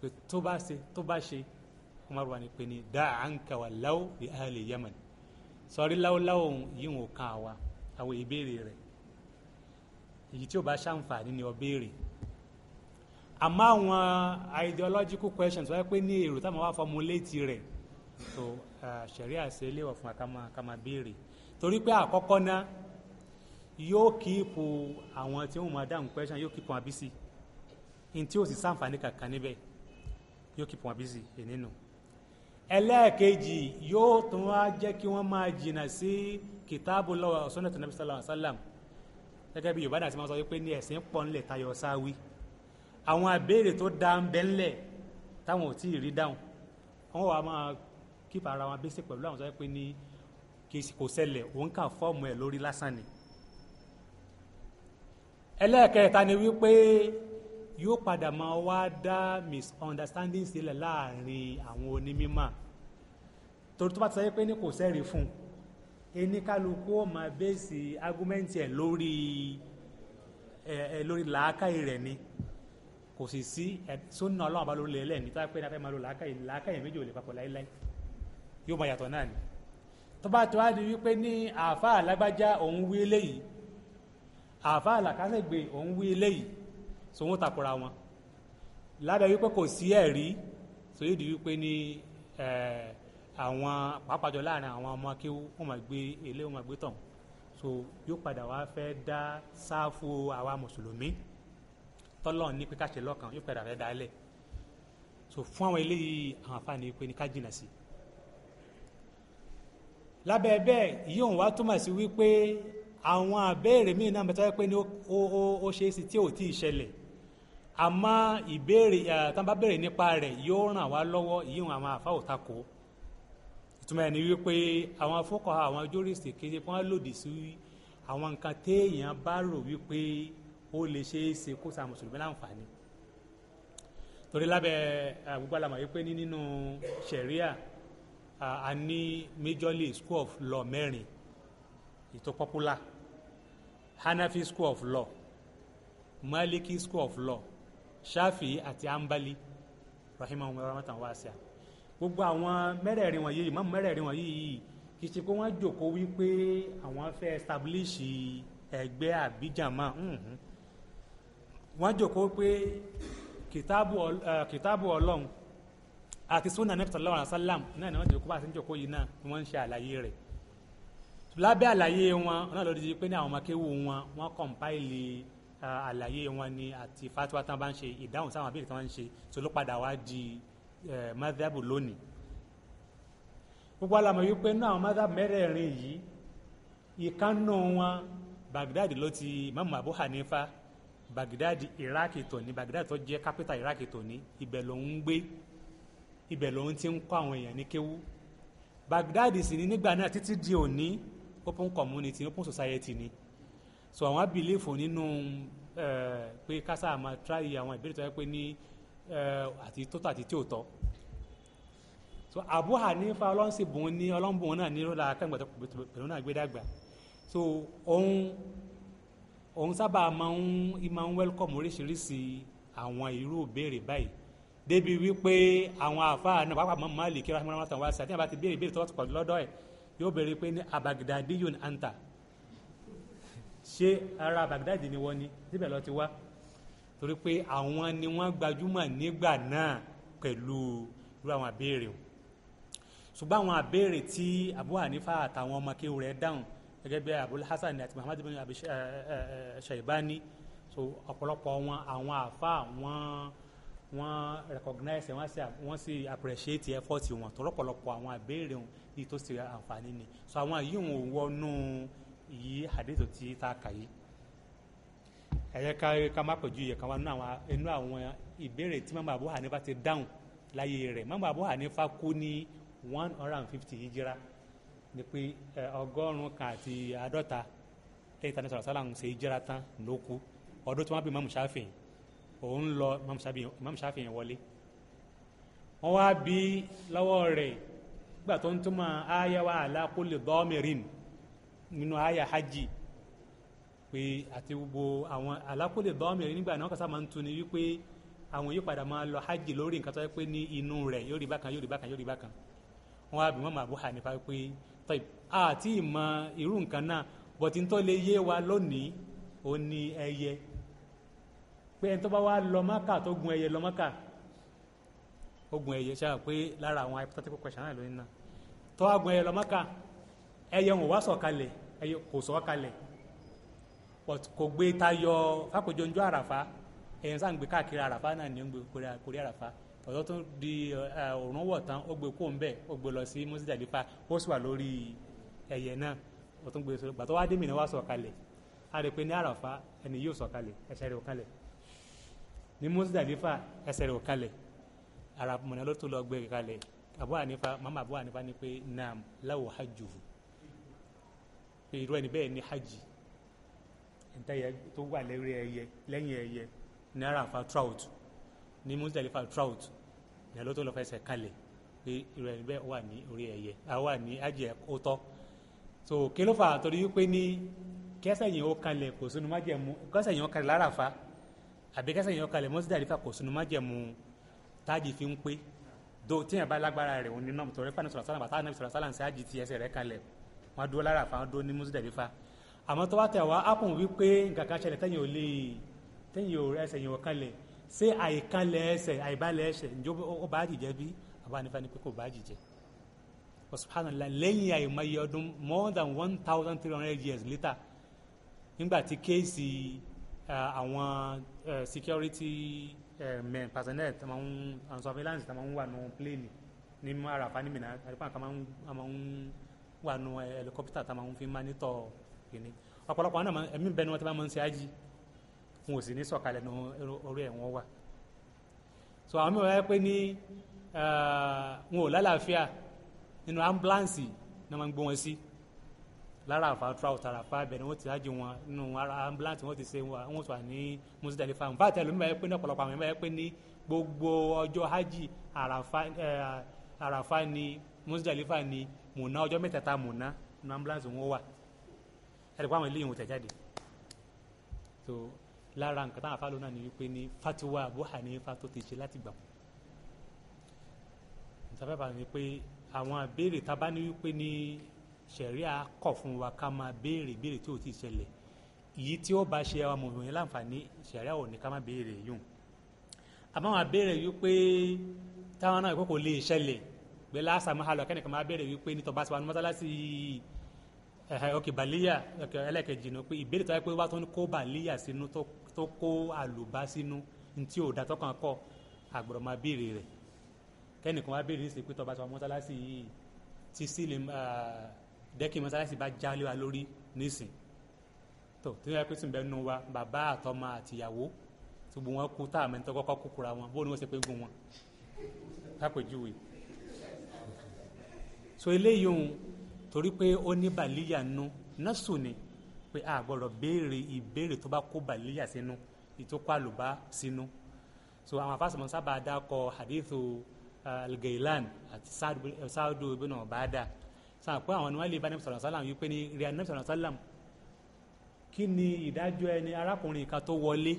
pé tó bá ṣe tó bá ṣe Umaru wa ni pé ni dáa anka wa láwó li ahli Yaman sọrí láwòláwò yìí ò kan àwa àwọn ìbéèrè rẹ̀ èyí tí ò bá ṣàǹfààní ni ọ béèrè àmọ́ àwọn ideological questions wáyé pé ní èrò táwọn wá formulate rẹ̀ so ṣẹ̀rí àṣẹ léwọ̀ fún wa ká máa béèrè torí pé àkọ́kọ́ náà yóò kíìpù àwọn tí wọ́n máa dáhùn question yóò kíìpù wọn bísí ní tí ó sì ṣàǹfààní kankan níbẹ̀ yóò kíìpù wọn bísí ènìyàn ẹlẹ́ẹ̀kejì yóò tún wá jẹ́ kí wọ́n máa jìnnà sí kìtáàbù lọ́wọ́ ọ̀sán ẹ̀tọ́ nàbí sálàmù sálàmù gẹ́gẹ́ bí yorùbá náà ti máa sọ wípé ní ẹ̀sìn pọ̀ ńlẹ̀ tayọ sáwí àwọn àbẹ̀rẹ̀ tó dá ń bẹ ńlẹ̀ táwọn ò tí ì rí dáhùn wọn wà máa kípa ara wọn bẹ́sẹ̀ pẹ̀lú àwọn sọ pé ní kò ṣẹlẹ̀ òun kà fọ́ọ̀mù ẹ̀ lórí lásán ni ẹlẹ́ẹ̀kẹta ni wípé yóò padà máa wá dá misunderstanding sílẹ̀ láàrin àwọn onímọ̀ torí tó bá ti sọ pé ní kò sẹ́rí fún un eníkálukú ó máa bẹ́ẹ̀sì argument ẹ̀ lórí ẹ̀ lórí làákàyè rẹ̀ ni kò sì sí sónà ọlọ́run bá lórí ẹlẹ́ni tó bá pé ní afẹ́ máa lo làákàyè làákàyè méjì ò lè papọ̀ láéláé yóò máa yàtọ̀ náà ni tó bá tó wá di wípé ní àáfàá alágbájá òun wí eléyìí àáfàá làkàṣègbè òun wí eléyìí so wọ́n takora wọn lábẹ́ wípé kò sí ẹ̀rí so yóò di wípé ní àwọn pàápàájọ láàrin àwọn ọmọ akéwú wọ́n máa gbé ilé wọ́n máa gbé tàn so yóò padà wá fẹ́ dá sáfù àwa mùsùlùmí tọ́lọ̀ ní pé káṣe lọ́kàn yóò padà fẹ́ dá so fún àwọn eléyìí àwọn àfáàní pé ní ká jìnnà sí lábẹ́ bẹ́ẹ̀ yóò wá túmọ̀ sí wípé àwọn àbẹ́ẹ̀rẹ̀ míì náà mẹ́ta pé ó ṣe é sí tí ò tí ì ṣẹlẹ̀ àmọ́ ìbéèrè tán bá béèrè nípa rẹ̀ yóò ràn wá lọ́wọ́ yíwọn àwọn àfa òta kò ìtumọ̀ ẹ̀ ni wípé àwọn afọ́kọ̀ àwọn jurist kéde pé wọ́n lòdì sí àwọn nǹkan téèyàn bá rò wípé ó lè ṣeé ṣe kó sa mùsùlùmí láǹfààní torí lábẹ́ gbogbo àlàmọ̀ yìí nínú ṣẹ̀ríà a ní majorly school of law mẹ́rin ètò popular Hanafi school of law Maliki school of law shafi àti ambali rahimahu rahmatan wasi'a gbogbo àwọn mẹ́rẹ̀ẹ̀rin wọ̀nyí ìmáàmù mẹ́rẹ̀ẹ̀rin wọ̀nyí yìí kì í ṣe pé wọ́n jòkó wípé àwọn fẹ́ establish ẹgbẹ́ àbí jàmá wọ́n jòkó pé kìtáàbù ọlọ́run àti sunna nabi sallallahu alaihi wasallam náà ni wọ́n jòkó bá ti ń jòkó yìí náà ni wọ́n ń ṣe àlàyé rẹ̀ lábẹ́ àlàyé wọn náà ló di pé ní àwọn ọmọ wọn wọ́n kọ̀ǹpáìlì Eh, àlàyé wọn ni àti fatwa tán bá ń ṣe ìdáhùn sáwọn àbẹ̀rẹ̀ tán bá ń ṣe tó ló padà wá di eh, madhabu lónìí gbogbo alamọ̀ wípé náà àwọn madhabu mẹ́rẹ̀ẹ̀rin yìí ìkànnù wọn Baghdad ló ti Imam Abu Hanifa Baghdad Iraq tòní Baghdad tó jẹ́ capital Iraq tòní ibẹ̀ ló ń gbé ibẹ̀ ló ti ń kọ́ àwọn èèyàn ní kéwú Baghdad sì ní nígbà náà títí di òní open community open society ni so àwọn bìlífù nínú eh, pé kásá máa try àwọn ìbéèrè tó yẹ pé ní eh, àti tó tà àti tí ò tọ́ so Abu Hanifa ọlọ́nsìbùn ní ọlọ́nbùn náà nírọ̀lá akẹ́gbẹ̀tọ́ pẹ̀lú náà gbé dàgbà so òun òun sábà máa ń máa ń welcome oríṣiríṣi àwọn irú ìbéèrè báyìí débi wípé àwọn àfáà náà pàápàá mọ́ Malik kí wọ́n máa ń wá sí àti àbá ti béèrè ìbéèrè tó wọ́n ti pọ̀ lọ́dọ̀ ẹ̀ yóò béèrè pé ní abagidadiyun anta ṣé ara Baghdad ni wọ́n ni síbẹ̀ lọ ti wá torí pé àwọn ni wọ́n gbajúmọ̀ nígbà náà pẹ̀lú irú àwọn àbẹ́rẹ́ o ṣùgbọ́n àwọn àbẹ́rẹ́ tí Abu Hanifa àtàwọn ọmọ kéwù rẹ̀ dáhùn gẹ́gẹ́ bí Abul Hasan àti Muhammad bin Abi eh, eh, eh, Shaybani so ọ̀pọ̀lọpọ̀ wọn àwọn àfa wọn wọn recognize wọn sì wọn sì appreciate effort wọn tọ́lọ́pọ̀lọpọ̀ àwọn àbẹ́rẹ́ wọn ní tó ṣe àǹfààní ni so àwọn yìí wọn wọnú. No, yí hadithu tí tá a kà yìí ẹ̀yẹ ká ká má pẹ̀jú yẹ kan wá nínú àwọn ìbéèrè tí mọ́mọ́ Abu Hanifa ti dáhùn láyé rẹ̀ mọ́mọ́ Abu Hanifa kú ní one hundred and fifty hijira ni pé ọgọ́rùn-ún kan àti àádọ́ta lẹ́yìn tani sọ̀rọ̀ sálàmù ṣe hijira tán ló kú ọdún tí wọ́n bí Imam Shafi'i òun lọ Imam Shafi'i wọlé wọ́n wá bí lọ́wọ́ rẹ̀ gbà tó ń túmọ̀ ayawa ala kulli dhamirin nínú àyà hajj pé àti gbogbo àwọn alákòlè dọ́ọ̀mì rẹ nígbà náà kàtà máa ń tuni wípé àwọn yóò padà máa lọ hajj lórí nǹkan tó yẹ pé ní inú rẹ yóò rí bákan yóò rí bákan yóò rí bákan wọn á bí wọn máa bú hànífà pé àti ìmọ̀ irú nǹkan náà bọ̀tí ń tó lè yé wa lónìí ó ní ẹyẹ pé ẹni tó bá wá lọ Mákà tó gun ẹyẹ lọ Mákà ó gun ẹyẹ ṣáà pé lára àwọn hypothetical question náà lónìí náà tó wá gun ẹyẹ lọ Mákà ẹyẹ wọn wá sọ̀kalẹ̀ kò sọ kalẹ̀ but kò gbé tayọ fàpèjọ njọ àràfá ẹ̀yìn sáà ń gbé káàkiri àràfá náà ní gbé kórè àràfá ọ̀dọ́ tó di òórùn wọ̀ tán ó gbé kó ń bẹ̀ ó gbé lọ sí mọ́sídàlífà ó sì wà lórí ẹ̀yẹ náà ó tún gbé sọ̀rọ̀ gbàtọ́ wá dé mìíràn wá sọ̀ kalẹ̀ a rè pé ní àràfá ẹni yóò sọ̀ kalẹ̀ ẹsẹ̀ rẹ̀ ò kalẹ̀ ní mọ́sídàlífà ẹsẹ̀ rẹ̀ ò kalẹ̀ àràmọ̀nà ló tún lọ gbé kalẹ̀ àbúrò ànífà nam láwọ̀ hajjuhu pé irú ẹni bẹ́ẹ̀ ní hajj ìtẹ́yẹ tó wà lẹ́rìí ẹyẹ lẹ́yìn ẹyẹ ní fa trout ní Muzdalifa trout ní ẹlọ́tọ́ lọ́ọ́ fẹsẹ̀ kalẹ̀ pé irú ẹni bẹ́ẹ̀ wà ní orí ẹyẹ wà ní hajj ó tọ́ so kí ló fà á torí wípé ní kẹsẹ̀ yẹn ó kalẹ̀ kò sínú májẹ̀mú kẹsẹ̀ yẹn ó kalẹ̀ láràfà àbí kẹsẹ̀ yẹn ó kalẹ̀ Muzdalifa kò sínú májẹ̀mú táàjì fi ń pé do tíyẹn bá lágbára rẹ̀ òun ní nọ́ọ̀mù torí pàṣẹ sọ̀rọ̀ sálà bàtà náà sọ̀rọ̀ sálà ń ṣe àjì ti ẹsẹ̀ rẹ̀ kalẹ̀ wọn dúró lára àfa wọn dúró ní Muzdalifa àmọ́ tó wá tẹ̀ wá ápùn wípé nǹkan kan ṣẹlẹ̀ tẹ́yìn ò lè tẹ́yìn ò ẹsẹ̀ yìí ò kanlẹ̀ ṣé àìkanlẹ̀ ẹsẹ̀ àìbalẹ̀ ẹsẹ̀ ǹjọ́ ó bá jìjẹ́ bí àbá nípa ni pé kò bá jìjẹ́ subhanallah lẹ́yìn àìmọye ọdún more than one thousand three hundred years later nígbà tí kéèsì àwọn security men personnel tí wọ́n surveillance tí wọ́n ń wà nù pléènì ní àràfà ní mìíràn àdìpọ̀ àkàmọ́ àwọn wà nù ẹlikọ́pítà tá a máa ń fi máa nítọ̀ kìíní ọ̀pọ̀lọpọ̀ àwọn náà ẹ̀mí bẹ́ẹ̀ ni wọ́n ti máa ń ṣe ájì wọn ò sì ní sọ̀kalẹ̀ nu orí ẹ̀ wọ́n wà so àwọn mìíràn wáyé pé ní eh, wọn ò lálàáfíà nínú ambulance náà máa ń gbé wọn sí lára àfàtúrà ọ̀tàrà fábẹ́ ni wọ́n ti ájì wọn nínú ambulance wọ́n ti ṣe wọn sọ ní Muzdalifa fáwọn fáwọn tẹ̀lé mi wáyé pé ní àwọn mìíràn wáyé pé ní gbogbo ọjọ́ ájì àràfá eh, ni Muzdalifa ni mùnà ọjọ́ mẹ́ta ta mùnà ní ambulance wọn wà ẹ̀rì pé ilé ìwọ̀n jáde so lára nǹkan táwọn afáàlú náà ni wípé ní fatiwa Abu Hanifa tó ti ṣe láti gbà wọn ìtafẹ́fà ni pé àwọn àbéèrè tábà ní wípé ní ṣẹ̀ríà kọ̀ fún wa ká máa béèrè béèrè tí ò ti ṣẹlẹ̀ èyí tí ó bá ṣe àwọn mòmìnira láǹfààní ṣẹ̀ríà ò ní ká máa béèrè yùn àmọ́ àwọn àbéèrè wípé táwọn náà ìkókò lè ṣẹlẹ̀ pé láàsà máa lọ akẹ́nìkan máa bẹ̀rẹ̀ wípé ní tọba síwájú mọ́sálásí ọkẹ́ bàlíyà ẹlẹ́kẹ̀jì nù pé ìbéèrè tó wáyé pé wá tó ń kó bàlíyà sínú tó kó àlùbá sínú ntí ò dá tọkàn kọ àgbọ̀rọ̀ máa béèrè rẹ̀ kẹ́nìkan máa béèrè nísìsiyìí pé tọba síwájú mọ́sálásí yìí ti sílẹ̀ dẹ́kì mọ́sálásí bá jálé wa lórí nísìn tó tó yẹ pé sùnbẹ́ nu wa bàbá àtọmọ àtìyàwó tó gbogbo wọn kú táàmì tó kọ́kọ́ kúkúra wọn bóun ni wọ́n ṣe pé gún wọn lápèjúwe so eléyìí òun torí pé ó ní bàlíyà nu násù ni pé a gbọ́dọ̀ béèrè ìbéèrè tó bá kó bàlíyà sínú ìtókò àlùbá sínú so àwọn afásọmọ sábà dákọ hadithu uh, algeilan àti sáàdù ibùnà ọ̀bàdà sáà pé àwọn onímọ̀ ilé ibà nẹ́bí yìí pé ní rí anẹ́bí sọ̀rọ̀ sálàm kí ni ìdájọ́ ẹni arákùnrin kan tó wọlé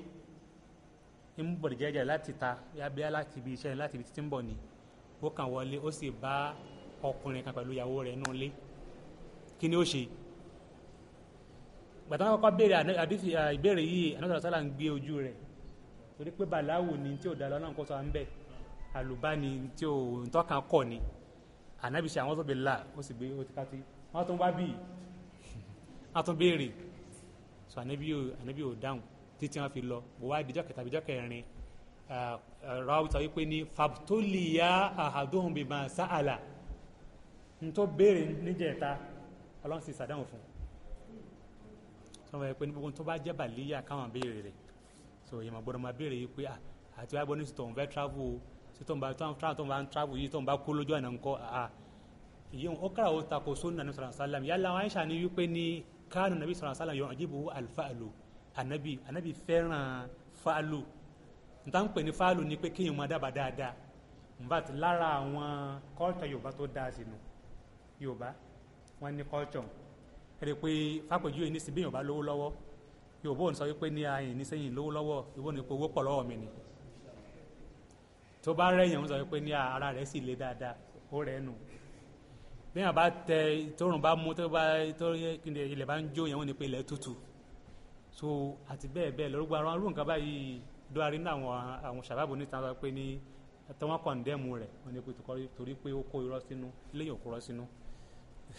ń bọ̀dẹ̀ jẹ́jẹ́ láti ta yábíyá láti ibi iṣẹ́ láti ibi títí ń bọ̀ ni ó kàn wọlé ó sì bá ọkùnrin kan pẹ̀lú ìyàwó rẹ̀ nínú ilé kí ni ó ṣe gbàtà kọ́kọ́ béèrè àdìsí ìbéèrè yìí anásọ̀rọ̀ sálà ń gbé ojú rẹ̀ torí pé bàláwò ni tí ò dá lọ́nà kó sọ à ń bẹ̀ àlùbá ni tí ò ń tọ́ka kọ̀ ni ànábì ṣe àwọn sọ̀bẹ̀ là ó sì gbé ó ti kátí wọ́n tún wá bì í wọ́n tún béèrè sọ ànábì ò dáhùn títí wọ́n fi lọ bó wá ìdíjọ́ kẹta ìdíjọ́ kẹrin rọ́ọ̀ sọ wípé ní fàbtólìyà àhàdóhùn bíbá sáàlà n tó béèrè níjẹ̀ta ọlọ́run sì sàdáhùn fún sọmọ ẹ pé ní gbogbo tó bá jẹ́ bàlíyà káwọn béèrè rẹ̀ so èèyàn gbọ́dọ̀ máa béèrè yìí pé àti wàá gbọ́ ní sùtọ̀ ń fẹ́ travel o sùtọ̀ ń bá tó travel yìí tó ń bá kó lójú àná ńkọ́ àà yíyan ó kára ó takò sóun nàní sọ̀rọ̀ sálàm yálà wọn àyíṣà ni wípé ní káànù nàbí sọ̀rọ̀ sálàm yọ̀ ọ̀jìbù àlùfáàlù ànábì ànábì fẹ́ràn fáàlù níta ń pè ní fáàlù ni pé kéèyàn máa dábàá dáadáa nbàtí lára àwọn kọ́ọ̀tà yorùbá tó dáa sínú yorùbá wọn ní culture ẹ̀rí pé fápẹ̀jú yìí ní síbí yorùbá lówó lọ́wọ́ yorùbá ò ní sọ wípé ní àyìn ní sẹ́yìn lówó lọ́wọ́ yorùbá ò ní pé owó pọ̀ lọ́wọ́ mi ni tó bá rẹ̀yìn ń sọ wípé ní ara rẹ̀ sì le dáadáa ó rẹ̀ nù bí wọn bá tẹ tóorùn bá mú tó bá tó ilẹ̀ bá ń jó yẹn wọn ní pé ilẹ̀ tútù so àti bẹ́ẹ̀ bẹ́ẹ̀ lórúkọ àwọn arúgbó nǹkan báyìí dọ́arí ní àwọn àwọn sàbábò níta sọ pé ní tọ́wọ́n kọ̀ǹdẹ́mù rẹ̀ wọn ní pé torí pé ó kó irọ́ sínú eléyìí ò sínú.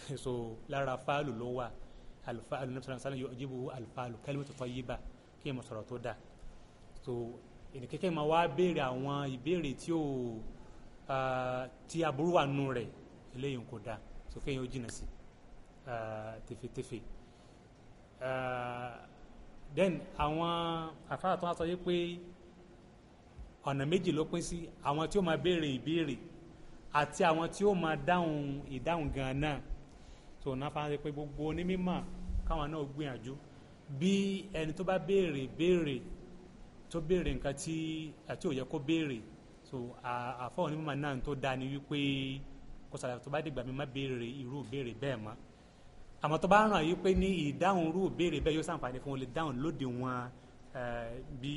so lára fáàlù ló wà alifáàlù ní sọ̀rọ̀ sálẹ̀ yujibu alifáàlù kalimatu tayyiba kí èèmọ̀ sọ̀rọ̀ tó dáa so èdè kékeré máa wá béèrè àwọn ìbéèrè tí ò tí aburú wà nù rẹ̀ eléyìí kò dáa so kéèyàn ó jìnnà sí tẹfẹtẹfẹ then àwọn àfáà tó wá sọ yìí pé ọ̀nà méjì ló pín sí àwọn tí ó máa béèrè ìbéèrè àti àwọn tí ó máa dáhùn ìdáhùn gan náà so náfà ṣe pé gbogbo onímọ̀ káwọn náà gbìyànjú bí ẹni tó bá béèrè béèrè tó béèrè nǹkan tí àti òye kó béèrè so àfọ onímọ̀ náà tó da ni wípé kò sàlàyé tó bá dìgbà mi má béèrè irú béèrè bẹ́ẹ̀ mọ́ àmọ́ tó bá ràn yí pé ní ìdáhùn irú béèrè bẹ́ẹ̀ yóò sàǹfààní fún wọn lè dáhùn lóde wọn bí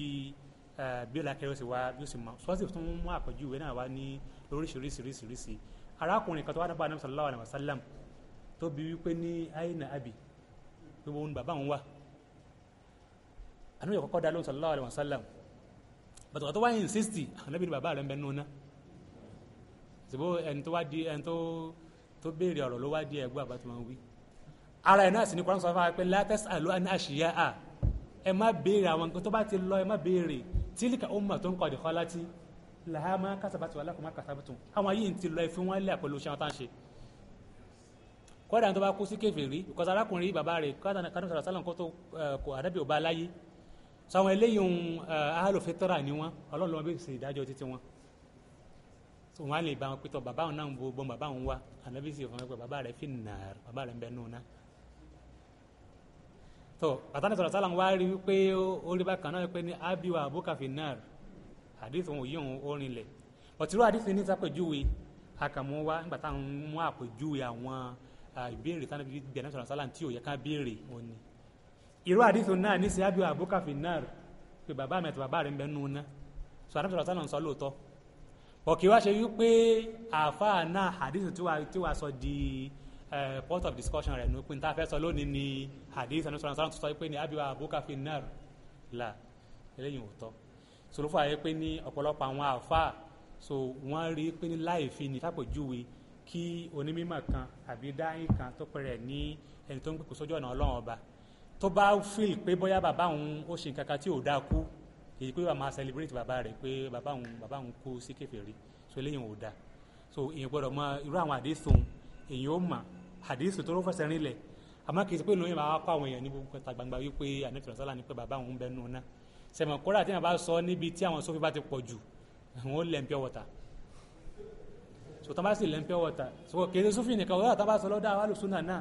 bí ọlákẹ́rẹ́ sì wá bí ó sì mọ sọ́ọ́sì tó ń mú àpèjúwe náà wá ní lóríṣiríṣiríṣiríṣi arákùnrin kan tó wá nípa Ànábì tó bi wípé ní aina abi pé òun bàbá òun wà àníwèé kọ́kọ́ dá lóhùn sallallahu alaihi wasallam bàtà tó wá insisti ànábì ní bàbá rẹ̀ ń bẹ nínú náà ẹni tó wá di ẹni tó tó béèrè ọ̀rọ̀ ló wá di ẹ̀gbọ́n àbá tó máa ara ẹ̀ náà sì ní kọ́ńtà sọ wa pé látẹ́sí àlọ́ àná àṣìyá à ẹ má béèrè àwọn nǹkan tó bá ti lọ ẹ má béèrè tílíkà ọmọ tó ń kọ́ ọ̀dẹ̀kọ́ láti làhámà kásábàtì wà lákòómà kásábàtì àwọn yìí ń ti lọ ẹ fún wọn lé àpẹlú iṣẹ́ wọn tá à ń ṣe kọ́dà tó bá kú sí kèfèrí because arákùnrin bàbá rẹ̀ kánú sọ̀rọ̀ sálọ̀ kó tó kò àdábì ọba aláyé sọ̀wọ́n eléyìí ohun ahálòfin tọ́ra ni wọ́n ọlọ́run lọ́wọ́ bí ṣe ìdájọ́ títí wọn so wọn á lè ba wọn pé tọ bàbá òun náà ń bo bọ́n bàbá òun wá ànábì sì fún wọn pé bàbá rẹ̀ fi nàr bàbá rẹ̀ ń bẹ nùnà tó bàtà sọ̀rọ̀ sálọ̀ wá rí wípé ó rí bákan náà pé ní abiwa abuka fi nàr àdìsí òun wa nígbà táwọn mú àpèjúwe àwọn ìbéèrè tánà bí bí ẹ̀nà sọ̀rọ̀ sálà tí ò yẹ ká béèrè wọn ni irú àdìsọ náà ní sí abiy abuka finnar pé bàbá mi àti bàbá rẹ̀ ń bẹ nù ná sọ àdìsọ sọ̀rọ̀ sálà ń sọ lóòótọ́ ọ̀kì wá ṣe wípé àáfàá náà àdìsọ tí wàá sọ di point of discussion rẹ̀ ní pin tá a fẹ́ sọ lónìí ni àdìsọ sọ̀rọ̀ sálà tó sọ pé ní abiy abuka finnar là eléyìí ò tọ́ sọlọ́fà yẹ pé ní ọ̀pọ̀lọpọ̀ àwọn àáfàá so wọ́n rí pé ní láì fi ní sápòjúwe kí onímọ̀ kan àbí dáhìn kan tó pẹ̀rẹ̀ ní ẹni tó ń pèkó sójú ọ̀nà ọlọ́run ọba tó bá fíìl pé bóyá bàbá òun ó ṣe nǹkan kan tí ò dáa kú èyí pé wàá máa celebrate bàbá rẹ̀ pé bàbá òun bàbá òun kú sí kèfèrí so eléyìí ò dáa so èyàn gbọ́dọ̀ mọ irú àwọn àdéhùn èyàn ó mọ àdéhùn tó ló fẹsẹ̀ rinlẹ̀ àmọ́ kì í ṣe pé lóyún máa kọ́ àwọn èèyàn ní gbogbo ta gbangba wípé ànábìsọ̀rọ̀ sálà ni pé bàbá òun bẹnu náà sẹ̀mọ̀ kódà tí wọ́n bá sọ níbi tí àwọn sófin bá ti pọ̀ so tán bá sì lẹ́ ń pure water so kèsè sófin nìkan ọ̀rọ̀ àtàbà sọ lọ́dọ̀ àwọn alùsùnà náà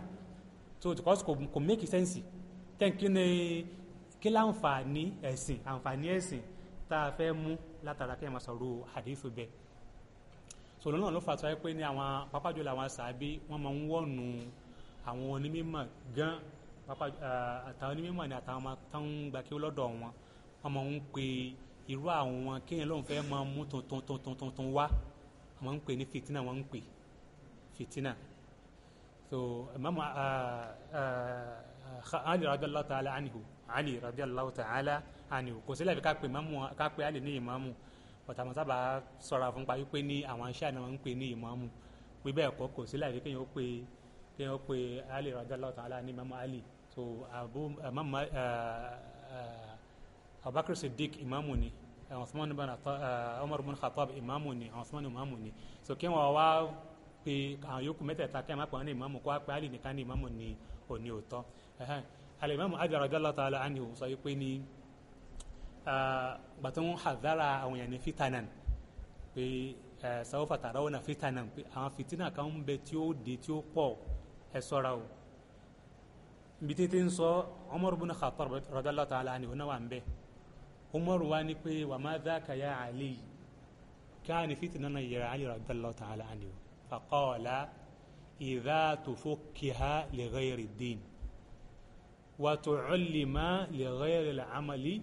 so because kò kò make sense ten kí ni kí láǹfààní ẹ̀sìn àǹfààní ẹ̀sìn tá a fẹ́ mú látara kí ẹ so sọ̀rọ̀ àdéhùn bẹ́ẹ̀ so lọ́nà ló fà tó yẹ pé ní àwọn pápájọ làwọn sàábí wọ́n máa ń wọ̀nù àwọn onímọ̀ gan àtàwọn onímọ̀ ni àtàwọn máa tán gba kí ó lọ́dọ̀ wọn wọ́n máa ń pe irú àwọn kéèyàn lóun fẹ́ máa mú tuntun tuntun tuntun wá wọ́n ń pè ní fitina wọ́n ń pè fitina so imam uh, uh, uh, ali radiyallahu ta'ala anhu ali radiyallahu ta'ala anhu kò sílẹ̀ bí ká pé ali ní ìmáàmù ọ̀tá àwọn sábà sọ̀rọ̀ fún pa wípé ní àwọn aṣáà náà wọ́n ń pè ní ìmáàmù pé bẹ́ẹ̀ kọ́ kò sílẹ̀ bí kéèyàn ó pè é tẹ́yìn ó pe ali radiyallahu ta'ala ní imam ali so abu imam abubakar siddiq imamu ni Usman bin Umar bin Khattab ìmáàmù ni Usman ìmáàmù ni so kí wọ́n wá pé àwọn yòókù mẹ́tẹ̀ẹ̀ta kí wọ́n máa pè wọ́n ní ìmáàmù kó wá pé Ali nìkan ní ìmáàmù ni òní òótọ́ alimami adara radiyallahu ta'ala anhu sọ pé ní gbàtọ́ wọn hadara àwọn yẹn ní fitanan pé sawfa tarawna fitanan pé àwọn fitina kan ń bẹ tí ó de tí ó pọ̀ ẹ ṣọ́ra o ibi tètè ń sọ umar wa ni pé wà má dáka ya ali káàní fìtínà náà yẹra ali radiyallahu ta'ala anhu faqala idha tufukkiha li ghayri din wa tu'allima li ghayri al-amali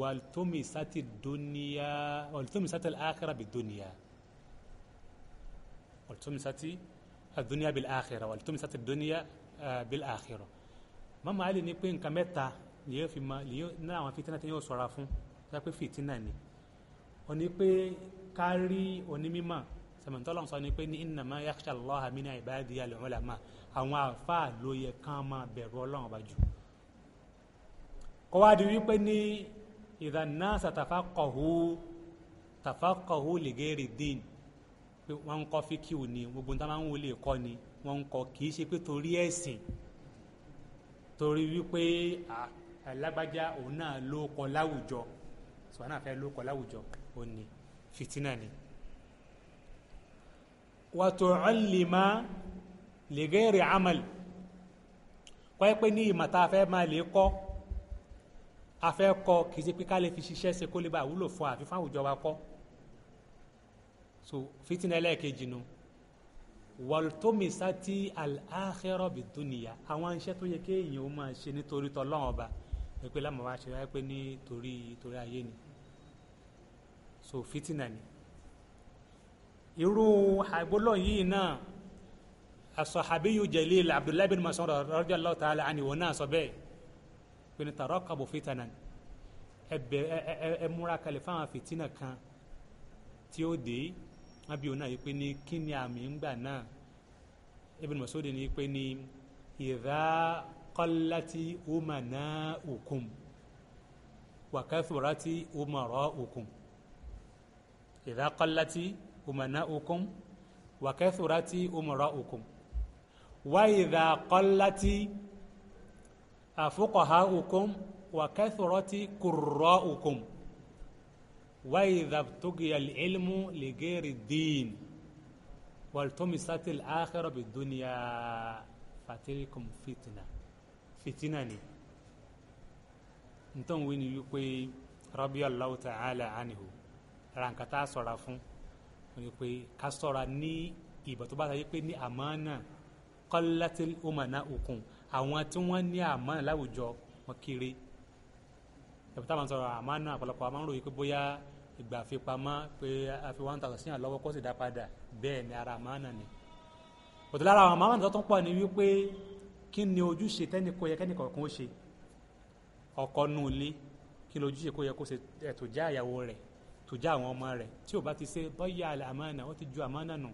والتمست الدنيا والتمست الآخرة بالدنيا والتمست الدنيا بالآخرة والتمست الدنيا بالآخرة màmá Ali ní pé nǹkan mẹ́ta lèyàn fi ma lèyàn náà àwọn fitinà tẹ́yàn ṣọ́ra fún sọ pé fitinà ni òní pé ká rí onímọ̀ sàmìtọ́lọ́n sọ ni pé ní innama yakhsha Allaha min ibadihi al-ulama àwọn àfáà ló yẹ kán máa bẹ̀rù ọlọ́run ọba jù kọ́ wá di wípé ní idhan nasa tafaqahu tafaqahu li ghairi din pé wọ́n ń kọ́ fíkìú ni gbogbo nǹkan máa ń wọlé kọ́ ni wọ́n ń kọ́ kì í ṣe pé torí ẹ̀sìn torí wípé lágbájá òun náà ló kọ láwùjọ sọ̀rọ̀ náà fẹ́ ló kọ láwùjọ òun ni fìtínà ni. wa tu'allima li ghairi amal kọ́ ẹ pé ní ìmọ̀ tá a fẹ́ máa lè kọ́ a fẹ́ kọ́ kì í ṣe pé ká lè fi ṣiṣẹ́ ṣe kó lè bá àwúlò fún àfi fún àwùjọ wa kọ́ so fìtínà ẹlẹ́ẹ̀kejì nu wàltómísátì al-akhirah àwọn iṣẹ́ tó yẹ kéèyàn ó máa ṣe nítorí tọ́lọ́run ọba pé lámọ̀ wá ṣe wáyé pé ní torí torí ayé ni so fitina ni irú àgbọ́lọ̀ yìí náà asọ̀hábíyù jalil abdullahi bin mas'ud radiyallahu ta'ala anhu náà sọ bẹ́ẹ̀ pé ní tarakabu fitana ẹbẹ ẹ múra kalẹ̀ fáwọn fitina kan tí ó dé wọn bí náà yìí pé ní kí àmì ń gbà náà ibn mas'ud ni pé ní ìdá qallati umanaukum wa kathurati umaraukum idha qallati umanaukum wa kathurati umaraukum wa idha qallati afuqahaukum wa kathurati qurraukum وإذا ابتغي العلم لغير الدين والتمست الآخرة بالدنيا فتلكم فتنة fitina ni ntọ́n wo ni wípé rabi allahu ta'ala anihu ranka tá a sọ̀ra fún wípé ká sọ̀ra ní ìbà tó bá ta wípé ní àmánà kọ́látìl ọmọnà òkun àwọn tí wọ́n ní àmánà láwùjọ wọn kéré ẹ̀bùn táwọn sọ̀rọ̀ àmánà àpọ̀lọpọ̀ àmánà ròyìn pé bóyá ìgbà àfipamọ́ pé àfi one thousand sí àlọ́wọ́ kó sì dá padà bẹ́ẹ̀ ni ara àmánà ni òtún lára àwọn àmánà tó tún pọ̀ ni wípé kí ni ojúṣe tẹ́ni kó yẹ kẹ́ni kọ̀ọ̀kan ó ṣe ọkọ nù ilé kí ni ojúṣe kó yẹ kó ṣe ẹ̀tùjá ìyàwó rẹ̀ tùjá àwọn ọmọ rẹ̀ tí ò bá ti ṣe bọ́yá àmánà ó ti ju àmánà nù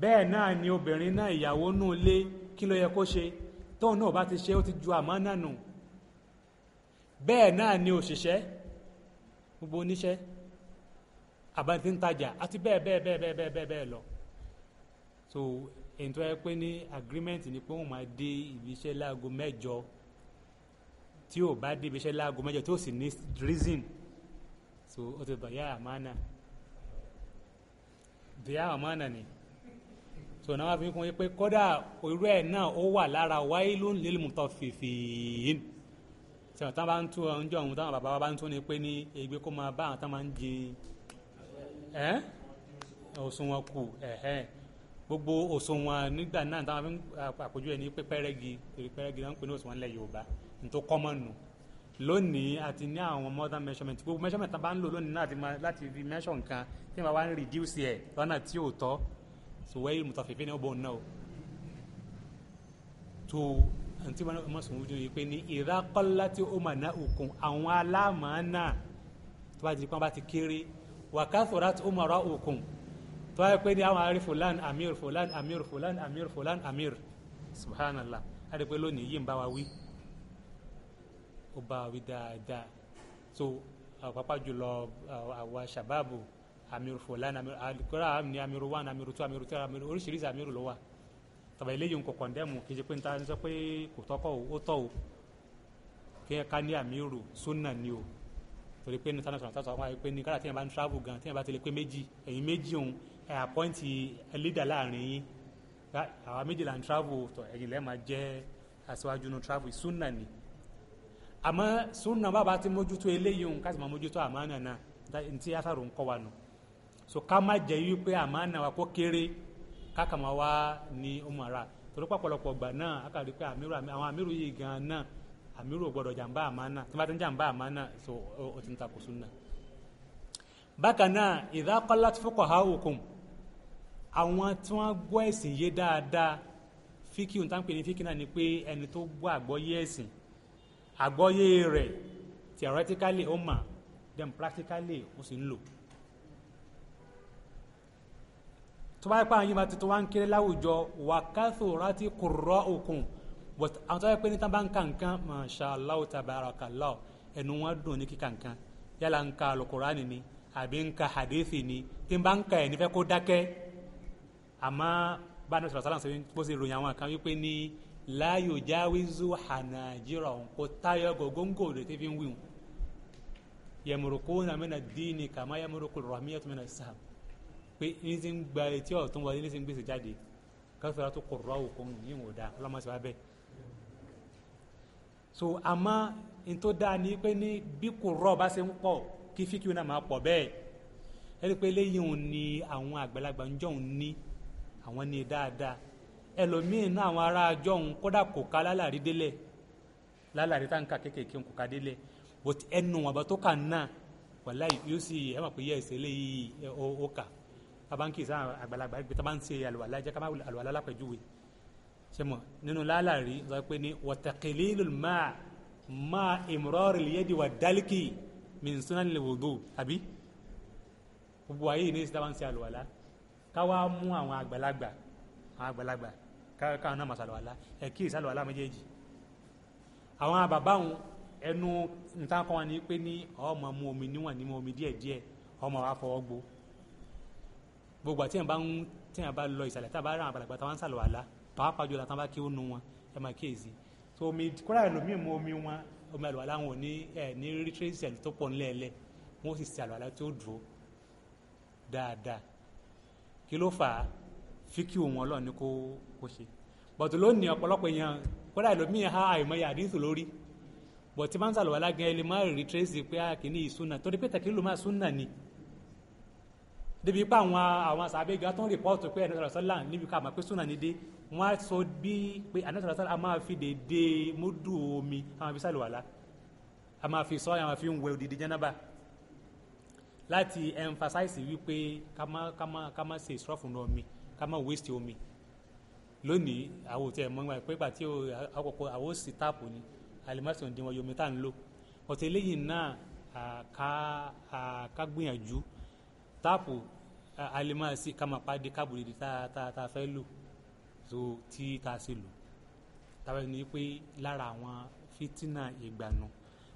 bẹ́ẹ̀ náà ni obìnrin náà ìyàwó nù ilé kí ló yẹ kó ṣe tóun náà bá ti ṣe ó ti ju àmánà nù bẹ́ẹ̀ náà ni òṣìṣẹ́ gbogbo oníṣẹ́ àbáńtí ń tajà àti bẹ́ẹ̀ bẹ́ẹ̀ bẹ́ẹ̀ bẹ́ẹ̀ bẹ́ẹ̀ bẹ́ẹ̀ lọ so èyí tó yẹ pé ní agreement ni pé òun máa dé ibi iṣẹ́ láago mẹ́jọ tí ò bá dé ibi iṣẹ́ láago mẹ́jọ tí ò sì ní reason so ó ti bàyà àmánà bàyà àmánà ni so náà wàá fi kún pé kódà irú ẹ̀ náà ó wà lára wailun lil mutaffifin sọ̀rọ̀ táwọn bá ń tún ọjọ́ òun táwọn bàbá wa bá ń tún ni pé ní ègbé kó máa bá àwọn táwọn máa ń jin ẹ̀ òsùn wọn kù ẹ̀hẹ́ gbogbo òṣùwọ̀n nígbà náà táwọn fi ń àpòjú ẹ̀ ní pẹ́pẹ́rẹ́gi torí pẹ́rẹ́gi náà ń pè ní òṣùwọ̀n ilẹ̀ Yorùbá ní tó common nù lónìí àti ní àwọn modern measurement gbogbo measurement tá a bá ń lò lónìí náà láti fi measure nǹkan tí wọ́n bá ń reduce ẹ̀ lọ́nà tí ò tọ́ so wẹ́ẹ́ mùtàfẹ́fẹ́ ní ọ̀bọ̀n náà tó àǹtí wọn ọmọ sùn wújú yìí pé ní ìrákọ́lá tí ó mà ná òkun àwọn alámàánà tó bá ti pọ́n bá ti kéré wàkàtúrà tí ó mà òkun tó wáyé pé ní àwọn arí fulan amir fulan amir fulan amir fulan amir subhanallah a rí pé lónìí yìí ń bá wa wí ó bá wa wí dáadáa so pàápàá jùlọ àwa shababu amir fulan amir alikora ni amiru one amiru two amiru three amiru oríṣiríṣi amiru ló wà tàbí eléyìí nǹkan kọ̀ndẹ́mù kì í ṣe pé níta sọ pé kò tọ́kọ̀ ó tọ̀ o kí ẹ ká ní amiru sunna ni o torí pé níta náà sọ̀rọ̀ tá a sọ pé ní kára tí yẹn bá ń travel gan tí yẹn bá ti lè pé méjì ẹ̀yìn méjì òun ẹ a leader láàrin yín àwa méjìlá ń travel tọ̀ ẹ̀yìn lẹ́ẹ̀ máa jẹ́ aṣáájú nu travel sunna ni àmọ́ sunna bàbá ti mójútó eléyìí òun káṣí máa mójútó àmánà náà ntí asàrò ń kọ́ wa nù so ká má jẹ́ wípé àmánà wa kó kéré káka máa wá ní umara torí pàpọ̀lọpọ̀ gbà náà akàrí pé àwọn àmírù yìí gan náà àmírù ò gbọdọ̀ jàǹbá àmánà tí wọ́n ti ń jàǹbá àmánà so ó ti ń takò sunna bákan náà idha qallat fuqaha'ukum àwọn tí wọ́n gbọ́ ẹ̀sìn yé dáadáa fíkì ohun tá à ń pè ní fíkì náà ni pé ẹni tó gbọ́ àgbọ́yé ẹ̀sìn àgbọ́yé rẹ̀ theoretically ó mà then practically ó sì ń lò. tó bá pa àwọn yìí máa tuntun wá ń kéré láwùjọ wàkàtò rántí kò rọ òkun but àwọn tó bá pẹ́ ní bá ń ka nǹkan masha allah tabarakallah ẹnu wọn dùn ní kíkà nǹkan yálà ń ka alukurani ni àbí ń ka hadithi ni tí n bá ń ka ẹ̀ nífẹ̀ẹ́ kó dákẹ́ àmọ́ bá ní sọ̀rọ̀ sọ́lá bó ṣe ròyìn àwọn kan wípé ní láàyò jáwézú hànàjírọ̀ òun kò táyọ̀ gògóńgò rẹ̀ tí fi ń wíwùn yẹmùrùkú nàmínà díìnì kàmá yẹmùrùkú rọ̀míyà tó mẹ́nà sáà pé ní ti ń gba etí ọ̀tún wọlé ní ti ń gbèsè jáde káfíńtà tó kọ̀ rọ̀ òkun yìí wò dáa ọlọ́mọṣẹ́ wa bẹ́ẹ̀ so àmọ́ n tó dáa ni pé ní bí kò rọ̀ bá ṣe ń pọ̀ kí fíkì náà máa pọ̀ bẹ́ẹ̀ ẹni pé léyìn òun ni àwọn àgbàlagbà ń jọ̀hún ní àwọn ní dáadáa ẹlòmíín náà àwọn ará ajọ́ òun kódà kò ká lálàrí délẹ̀ lálàrí tá n ka kéékèèké kò ká délẹ̀ but ẹnu wọn bá tó kà náà wàláì yóò sì ẹ mọ̀ pé yẹ ẹsẹ̀ eléyìí ó kà abanki sáà àgbàlagbà gbé tábà ń ṣe àlùwàlá jẹ́ kábà àlùwàlá lápẹ̀júwe ṣe mọ̀ nínú lálàrí sọ pé ní wọ̀tẹ̀kẹ̀lẹ́ lòlùmá ma imrori liyedi wa daliki min sunan lewudu abi gbogbo ayé ní ìsìlámà ń ṣe àlùwàlá káwá mú àwọn àgbàlagbà àwọn àgbàlagbà káwọn náà máa ṣàlùwàlá ẹ kí ìṣàlùwàlá méjèèjì àwọn ẹnu nǹkan kan wọn ni pé ní ọmọ omi níwọ̀n ní omi ọmọ wa fọwọ́ gbó gbogbo àti ẹ̀ bá ń bá lọ ìsàlẹ̀ tá a bá àgbàlagbà ń pàápàá jùlọ bá kí ó nu wọn ẹ máa omi kúrò ẹlòmíì mu omi wọn omi àlùwàlá wọn ní ẹ ní rí tó kí ló fà á fíkì òun ọlọ́run ni kó kó ṣe bọ̀tù lónìí ọ̀pọ̀lọpọ̀ èèyàn kódà ìlòmíì ha àìmọye àdínsù lórí bọ̀tí bá ń sàlùwà lágan ẹlẹ́ máa rí tracy pé ah, kìíní ìsúná torí pé tẹ̀kí ló máa súnà ni débi pé àwọn àwọn sàbẹ̀gà tó ń rìpọ́ọ̀tù pé ẹ̀nẹ́sọ̀rọ̀ sọ́là níbi ká mọ̀ pé súnà ni dé wọ́n á sọ bí pé ẹ̀nẹ́sọ̀rọ̀ sọ́là a máa fi dèédé módù omi àwọn ibi lá a máa fi sọ́ àwọn fi ń wẹ òdìdí jẹ́nàbà láti emphasize wípé ká má ká má ká má ṣe ìṣọ́fún omi ká má waste omi lónìí àwọn òtí ẹ̀ mọ́ nípa ìpẹ́gbà tí àkọ́kọ́ àwọn òsì táàpù ni alimọ́sìn òdiwọ̀n yomi tá à ń lò ọ̀tẹ̀ eléyìí náà ká ká gbìyànjú táàpù alimọ́sìn ká máa pàdé káàbùrìdì tá tá tá fẹ́ lò tó tí tá a ṣe lò tàbí ni pé lára àwọn fítínà ìgbàna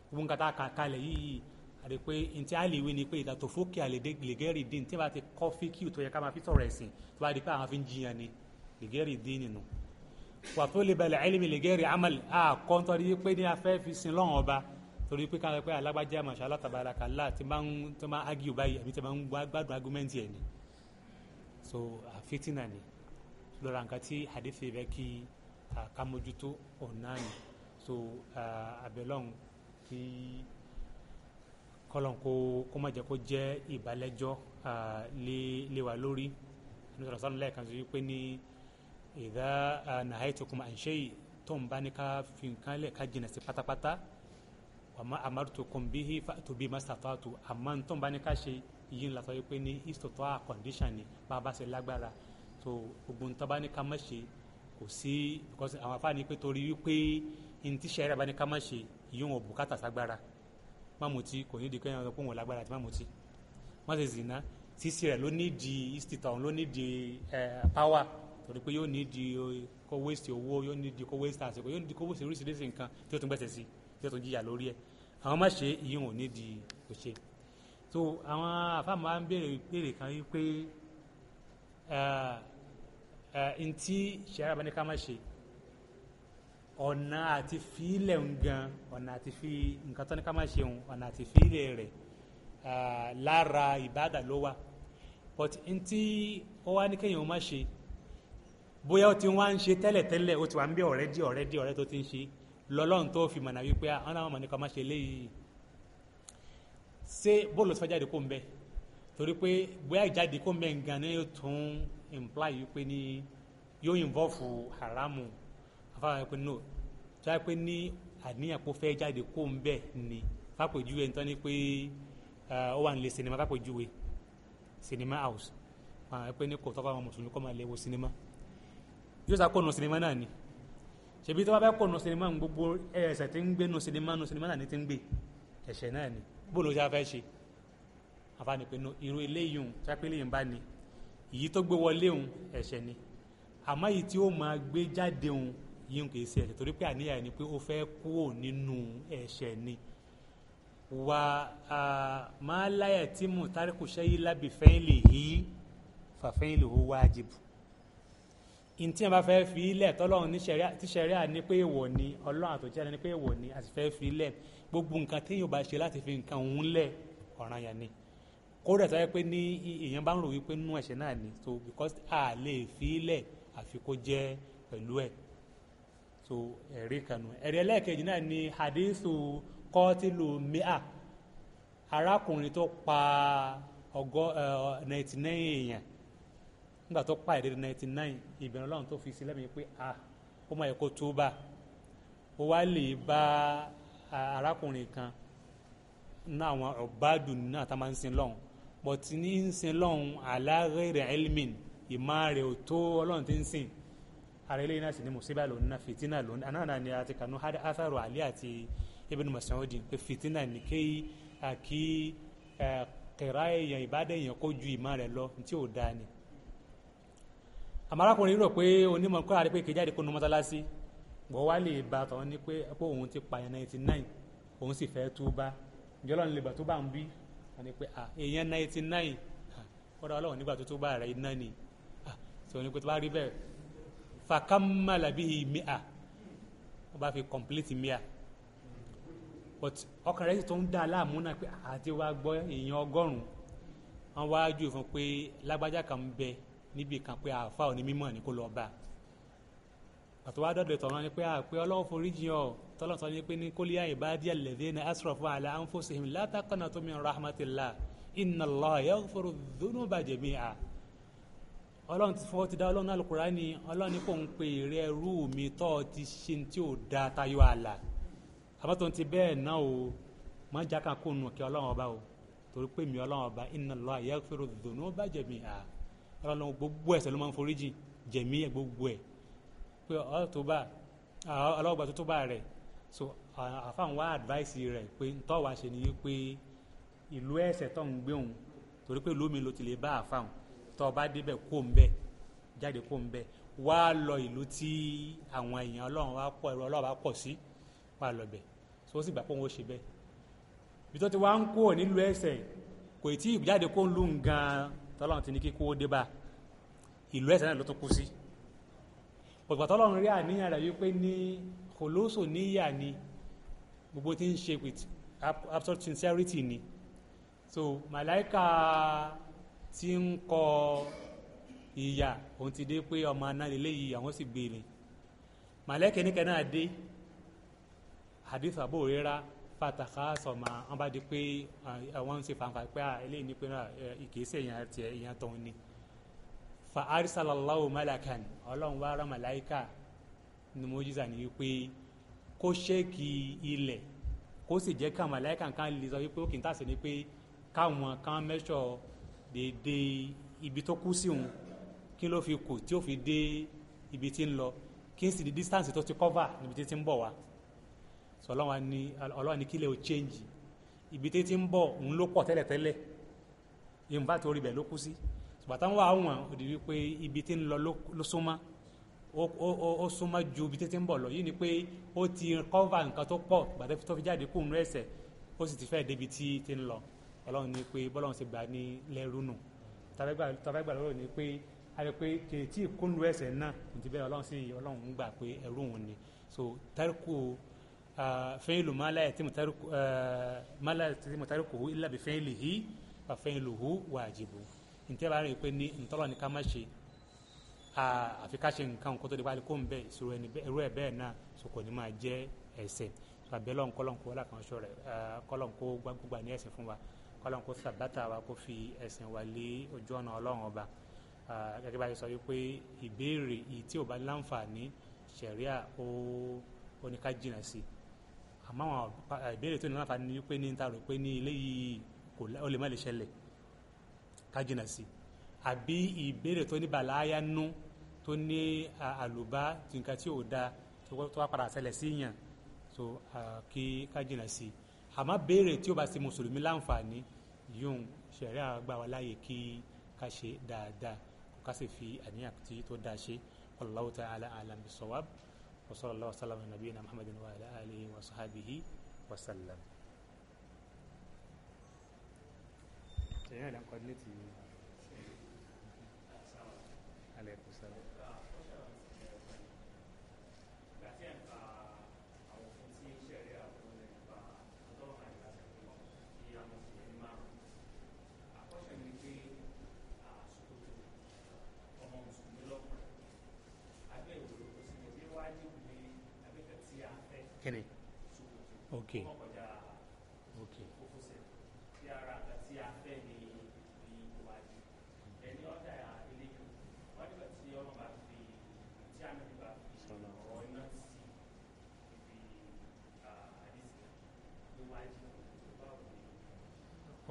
gbogbo nǹkan tá a kà kalẹ̀ yìí àti pé ntí a lè wí ni pé ìdàtò fókè àlèdè lègẹ́rì dín tí a bá ti kọ́ fíkì tó yẹ ká máa fi sọ̀rọ̀ ẹ̀sìn tó bá di pé àwọn fi ń jiyàn ni lègẹ́rì dín nínú. wà tó lè balẹ̀ ẹlẹ́mi lègẹ́rì amal a kọ́ ń tọ́jú pé ní afẹ́ fi sin lọ́wọ́n ọba torí pé káwọn pé alágbájá masha Allah tabaraka Allah ti máa ń tó máa ágìó báyìí àbí ti máa ń gbádùn agúmẹ́ntì ẹ̀ ni so fitina ni lọ́ra nǹkan tí hadith bẹ́ kí ká mójútó ọ̀nà ni so àbẹ̀lọ́n kí. Uh, kọlọ́n kó kó má jẹ́ kó jẹ́ ìbálẹ́jọ́ lé wa lórí nítorí sọ́nà lẹ́ẹ̀kan sí pé ní ìdá nahaytukum an shay tó ń bá ní ká fi nǹkan lẹ̀ ká jìnà sí pátápátá wa ma amartukum bihi fa'tu bima istata'tu àmọ́ tó ń bá ní ká ṣe yìí ń lásán pé ní istita'a condition ni bá a bá ṣe lágbára tó gbogbo ń tó bá ní ká má ṣe kò sí because àwọn afáàní pé torí wípé ntí sẹ́rẹ̀ bá ní ká má ṣe yìí ń wọ̀ bùkátà ságbára. Mamuti mutí kò ní di kéèyàn sọ pé òun lágbára àti má mutí má ṣe zìnà sísí rẹ̀ ló ní di istita òun ló ní di power torí pé yóò ní di kó waste owó yóò ní di kó waste àsìkò yóò ní di kó waste oríṣiríṣi nǹkan tí ó tún gbẹ̀sẹ̀ sí tí ó tún jìyà lórí ẹ̀ àwọn má ṣe ìyún ò di òṣè so àwọn àfáàmù wa ń béèrè béèrè kan wípé ntí ṣe arábáníkà má ṣe ọ̀nà àti fílẹ̀ ngan ọ̀nà àti fi nǹkan tó ní ká má ṣeun ọ̀nà àti fílẹ̀ rẹ̀ lára ìbádà ló wà but n tí ó wá ní kéèyàn má ṣe bóyá ó ti wá ń ṣe tẹ́lẹ̀tẹ́lẹ̀ ó ti wà ń bí ọ̀rẹ́ dí ọ̀rẹ́ dí ọ̀rẹ́ tó ti ń ṣe lọ́lọ́run tó fi mọ̀nà wípé àwọn ah, àwọn mọ̀nìkan má ṣe léyìí ṣé bóòlù tó fẹ́ jáde kó ń bẹ torí pé bóyá ìjáde kó ń bẹ ngan ni yóò tún imply wípé ni yóò involve haramu afáwọn ẹ̀pẹ́ no tó yà pé ní àníyàn kó fẹ́ jáde kó ń bẹ̀ ni fàpèjúwe ń tán ni pé ó wà nílé sinimá fàpèjúwe sinimá house àwọn ẹ̀pẹ́ ní kò tọ́ fáwọn mùsùlùmí kọ́ máa lè wo sinimá yóò sá kó nu sinimá náà ni ṣebí tó bá fẹ́ kó nu sinimá gbogbo ẹ̀ṣẹ̀ tí ń gbé nu sinimá nu sinimá náà ni ti ń gbé ẹ̀ṣẹ̀ náà ni bó ló ṣe afẹ́ ṣe àfààní pé no irú eléyìí ń tó gbé wọlé òun ẹ̀ṣẹ̀ àmọ́ èyí tí ó máa gbé jáde òun yíyún kìí ṣe ẹ̀ṣẹ̀ torí pé àníyàn ẹni pé ó fẹ́ kúrò nínú ẹ̀ṣẹ̀ ni wà á máa láyà tí mò tárìkù ṣẹ́yí lábì fẹ́yìn lè yí fàfẹ́yìn lè hó wájibù ntí wọn bá fẹ́ fi ilẹ̀ tọ́lọ́run tí sẹ̀ríà ní pé èèwọ̀ ni ọlọ́run àtòjẹ́ ní pé èèwọ̀ ni àti fẹ́ fi ilẹ̀ gbogbo nǹkan téèyàn bá ṣe láti fi nǹkan òun lẹ̀ ọ̀ràn yẹn ni kódà tó pé ní èèyàn bá ń rò wípé nínú ẹ̀ṣẹ̀ náà ni so because a lè fi ilẹ̀ àfi jẹ́ pẹ̀lú ẹ̀ to ẹ̀rí kanu ẹ̀rí ẹlẹ́ẹ̀kejì náà ni hadithu kọ́tìlù mi'a arákùnrin tó pa ọgọ́ ninety nine èèyàn nígbà tó pa ìdíje ninety nine ìbẹ̀rù ọlọ́run tó fi mi pé a ó máa yẹ tó bá ó wá lè bá arákùnrin kan ní àwọn ọ̀bádùn náà tá a máa ń sin lọ́hùn bọ̀tí ara eléyìí náà sì ni musiba lòun náà fitina lòun náà náà ni àti kanu hada atharu ali àti ibn Mas'ud pé fitina ni kéyì àkí kẹrà èèyàn ìbádẹ́ èèyàn kó ju ìmọ̀ rẹ̀ lọ tí ò dáa ni. àmàràkùnrin rò pé onímọ̀ kọ́ àrí pé kéjáde kó nu mọ́tálásí gbọ́ wá lè ba tọ́ ni pé òun ti pààyàn ninety nine òun sì fẹ́ túbá ìjọlọ́ ni lè bà tó bá ń bí wọ́n ni ninety nine kọ́dọ̀ ọlọ́run nígbà tó túbá rẹ̀ ni tí wọ́n ní pé tó bá rí fakammala bihi mi'a ó bá fi complete mi'a but ọkàn rẹ̀ sì tó ń dá láàmú náà pé àti wàá gbọ́ èèyàn ọgọ́rùn-ún wọ́n wá jù pé lágbájá kan bẹ níbi kan pé àáfà ò ní mímọ̀ ní kó lọ bá pàtó wàá dọ̀dọ̀ tọ̀rọ̀ ni pé àpé ọlọ́run foríjì ọ̀ tọ́lọ̀ sọ ni pé ní kólé àyèbádí ẹ̀lẹ́dẹ́ ní asrafu ala anfusihim la taqnatu min rahmatillah inna Allah yaghfiru dhunuba jami'a ọlọ́run ti fọwọ́ ti dá ọlọ́run alukurani ọlọ́run ní kò ń pè rẹ ẹrú mi tọ́ ọ ti ṣe tí o da tayọ àlà àmọ́ ti bẹ́ẹ̀ náà o máa ń já kó nu kí ọlọ́run ọba o torí pé mi ọlọ́run ọba inna Allaha yaghfiru dhunuba jami'a ọlọ́run gbogbo ẹ̀ṣẹ̀ ló máa ń foríjì jẹ̀mí ẹ̀ gbogbo ẹ̀ pé ọlọ́tọ̀ba ọlọ́gba tó tó bá rẹ̀ so àfáàn wá advice rẹ̀ pé ntọ́ wa ṣe ni wípé ìlú ẹ̀ṣẹ̀ tó ń gbé òun torí pé lómi ló ti lè bá àfáàn tó o bá débẹ̀ kó ń bẹ̀ jáde kó ń bẹ̀ wá lọ ìlú tí àwọn èèyàn ọlọ́run wá pọ̀ ẹ̀rọ ọlọ́run wá pọ̀ sí wá lọ bẹ̀ tó o sì gbà pé òun ó ṣe bẹ́ẹ̀ bí tó ti wá ń kó nílùú ẹ̀sẹ̀ kò tí ì jáde kó ń lù ń gan tọ́lọ́run ti ní kíkó ó dé ìlú ẹ̀sẹ̀ náà ló tún kú sí ọ̀gbà tọ́lọ́run rí àníyàn rẹ̀ wípé ní kòlóso níyà ni gbogbo tí ń ṣe with absolute sincerity ni so màláìka tí ń kọ ìyà òun ti dé pé ọmọ análélé yìí àwọn sì gbé ni màlẹ́kẹ̀ níkẹ́ náà dé hadith Abu Huraira fàtàkà sọ̀mà wọn bá di pé àwọn ń ṣe fanfa pé eléyìí ní pé ìkèésẹ̀ èèyàn tiẹ̀ èèyàn tó ń ní fa arisalallahu malakan ọlọ́run wá rán màláìka ni mojiza ni wípé kó ṣéèkì ilẹ̀ kó sì jẹ́ ká màláìka kan lè sọ wípé ó kì í tàṣe ni pé káwọn kan mẹ́sọ̀ọ́ dédé ibi tó kú sí òun kí ló fi kù tí ó fi dé ibi tí ń lọ kí n sì di distance tó ti cover níbi tí ti ń bọ̀ wá sọ ọlọ́wọ́n ni ọlọ́wọ́n ni kílẹ̀ ò change ibi tí ti ń bọ̀ òun ló pọ̀ tẹ́lẹ̀tẹ́lẹ̀ ìmùbá tó rí bẹ̀ ló kú sí bàtà ń wá àwọn òdì wípé ibi tí ń lọ ló súnmọ́ ó súnmọ́ ju ibi tí ti ń bọ̀ lọ yìí ni pé ó ti cover nǹkan tó pọ̀ gbàtà tó fi jáde kù nínú ó sì ti fẹ́ débi tí ti ń lọ ọlọ́run ní pé bọ́lọ́run ṣe gbà ní lẹ́rú nù tàbí gbà lọ́rọ̀ ní pé a lè pé kèétí ìkónú ẹ̀ṣẹ̀ náà kò ti bẹ́ẹ̀ ọlọ́run sì ọlọ́run ń gbà pé ẹrú òun ni so tariku fẹ́ẹ́lù mọ́lá ẹ̀ tí mo tariku hu illa bi fẹ́ẹ́lì hi wà fẹ́ẹ́lù hu wajibu ntẹ́ bá rìn pé ní ntọ́lọ́ ni ká má ṣe àfi ká ṣe nǹkan kó tó di wáyé kó ń bẹ ìṣòro ẹrú ẹ bẹ́ẹ̀ náà so kò ní máa jẹ́ ẹ̀ṣẹ̀ àbẹ́lọ́nkọ́lọ́nkọ́ wọlé àkànṣe rẹ̀ kọ́lọ́nkọ́ gbàgbà ní ẹ̀ṣẹ̀ fún wa kọ́lọ́n kó sàbátà wa kó fi ẹ̀sìn wa lé ojú ọ̀nà ọlọ́run ọba gẹ́gẹ́ bá a sọ wípé ìbéèrè yìí tí ò bá láǹfààní ṣẹ̀ríà ó ó ní ká jìnnà sí àmọ́ àwọn ìbéèrè tó ní láǹfààní ni wípé ní ta rò pé ní ilé yìí kò ó lè má lè ṣẹlẹ̀ ká jìnnà sí àbí ìbéèrè tó ní bàláyà nú tó ní àlùbá tìǹkà tí ò da tó wá padà ṣẹlẹ̀ sí yàn so kí ká jìnnà sí i àmọ́ béèrè tí ó bá ṣe mùsùlùmí láǹfààní yóò ṣẹ̀rí àgbà wa láàyè kí ká ṣe dáadáa kó ká sì fi àníyàn tí tó dáa ṣe Allahu ta'ala a'lam bis-sawab wa sallallahu wa sallam Muhammadin wa ala alihi wa sahbihi wa sallam.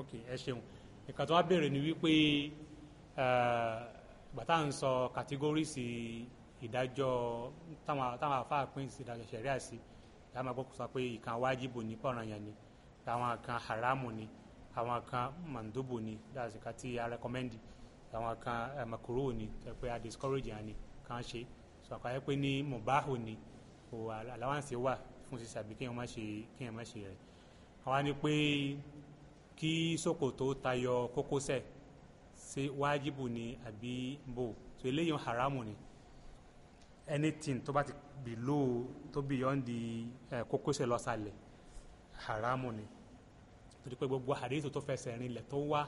ok ẹ ṣeun nǹkan tó wá béèrè ni wípé gbàtà ń sọ categories ìdájọ́ táwọn àfáà pín sí ìdájọ́ ṣẹ̀ríà sí ìyá máa gbọ́kùsọ pé ìkan wájibù ní pọ̀ranyàn ni àwọn kan haramu ni àwọn kan mandubu ni that's nǹkan tí a recommend àwọn kan makuru ni pé a discourage yẹn ni kàn ṣe sọ àkàyẹ pé ní mubahu ni o allowance wà fún sísàbí kéèyàn má ṣe kéèyàn má ṣe rẹ̀ àwa ni pé kí ṣòkòtò tayọ kókósẹ̀ ṣe wájibù ni àbí bò so eléyìí haramu ni anything tó bá ti below tó beyond the eh, kókósẹ̀ lọ́sàlẹ̀ haramu ni torí pé gbogbo àdéhùn tó fẹsẹ̀ rinlẹ̀ tó wá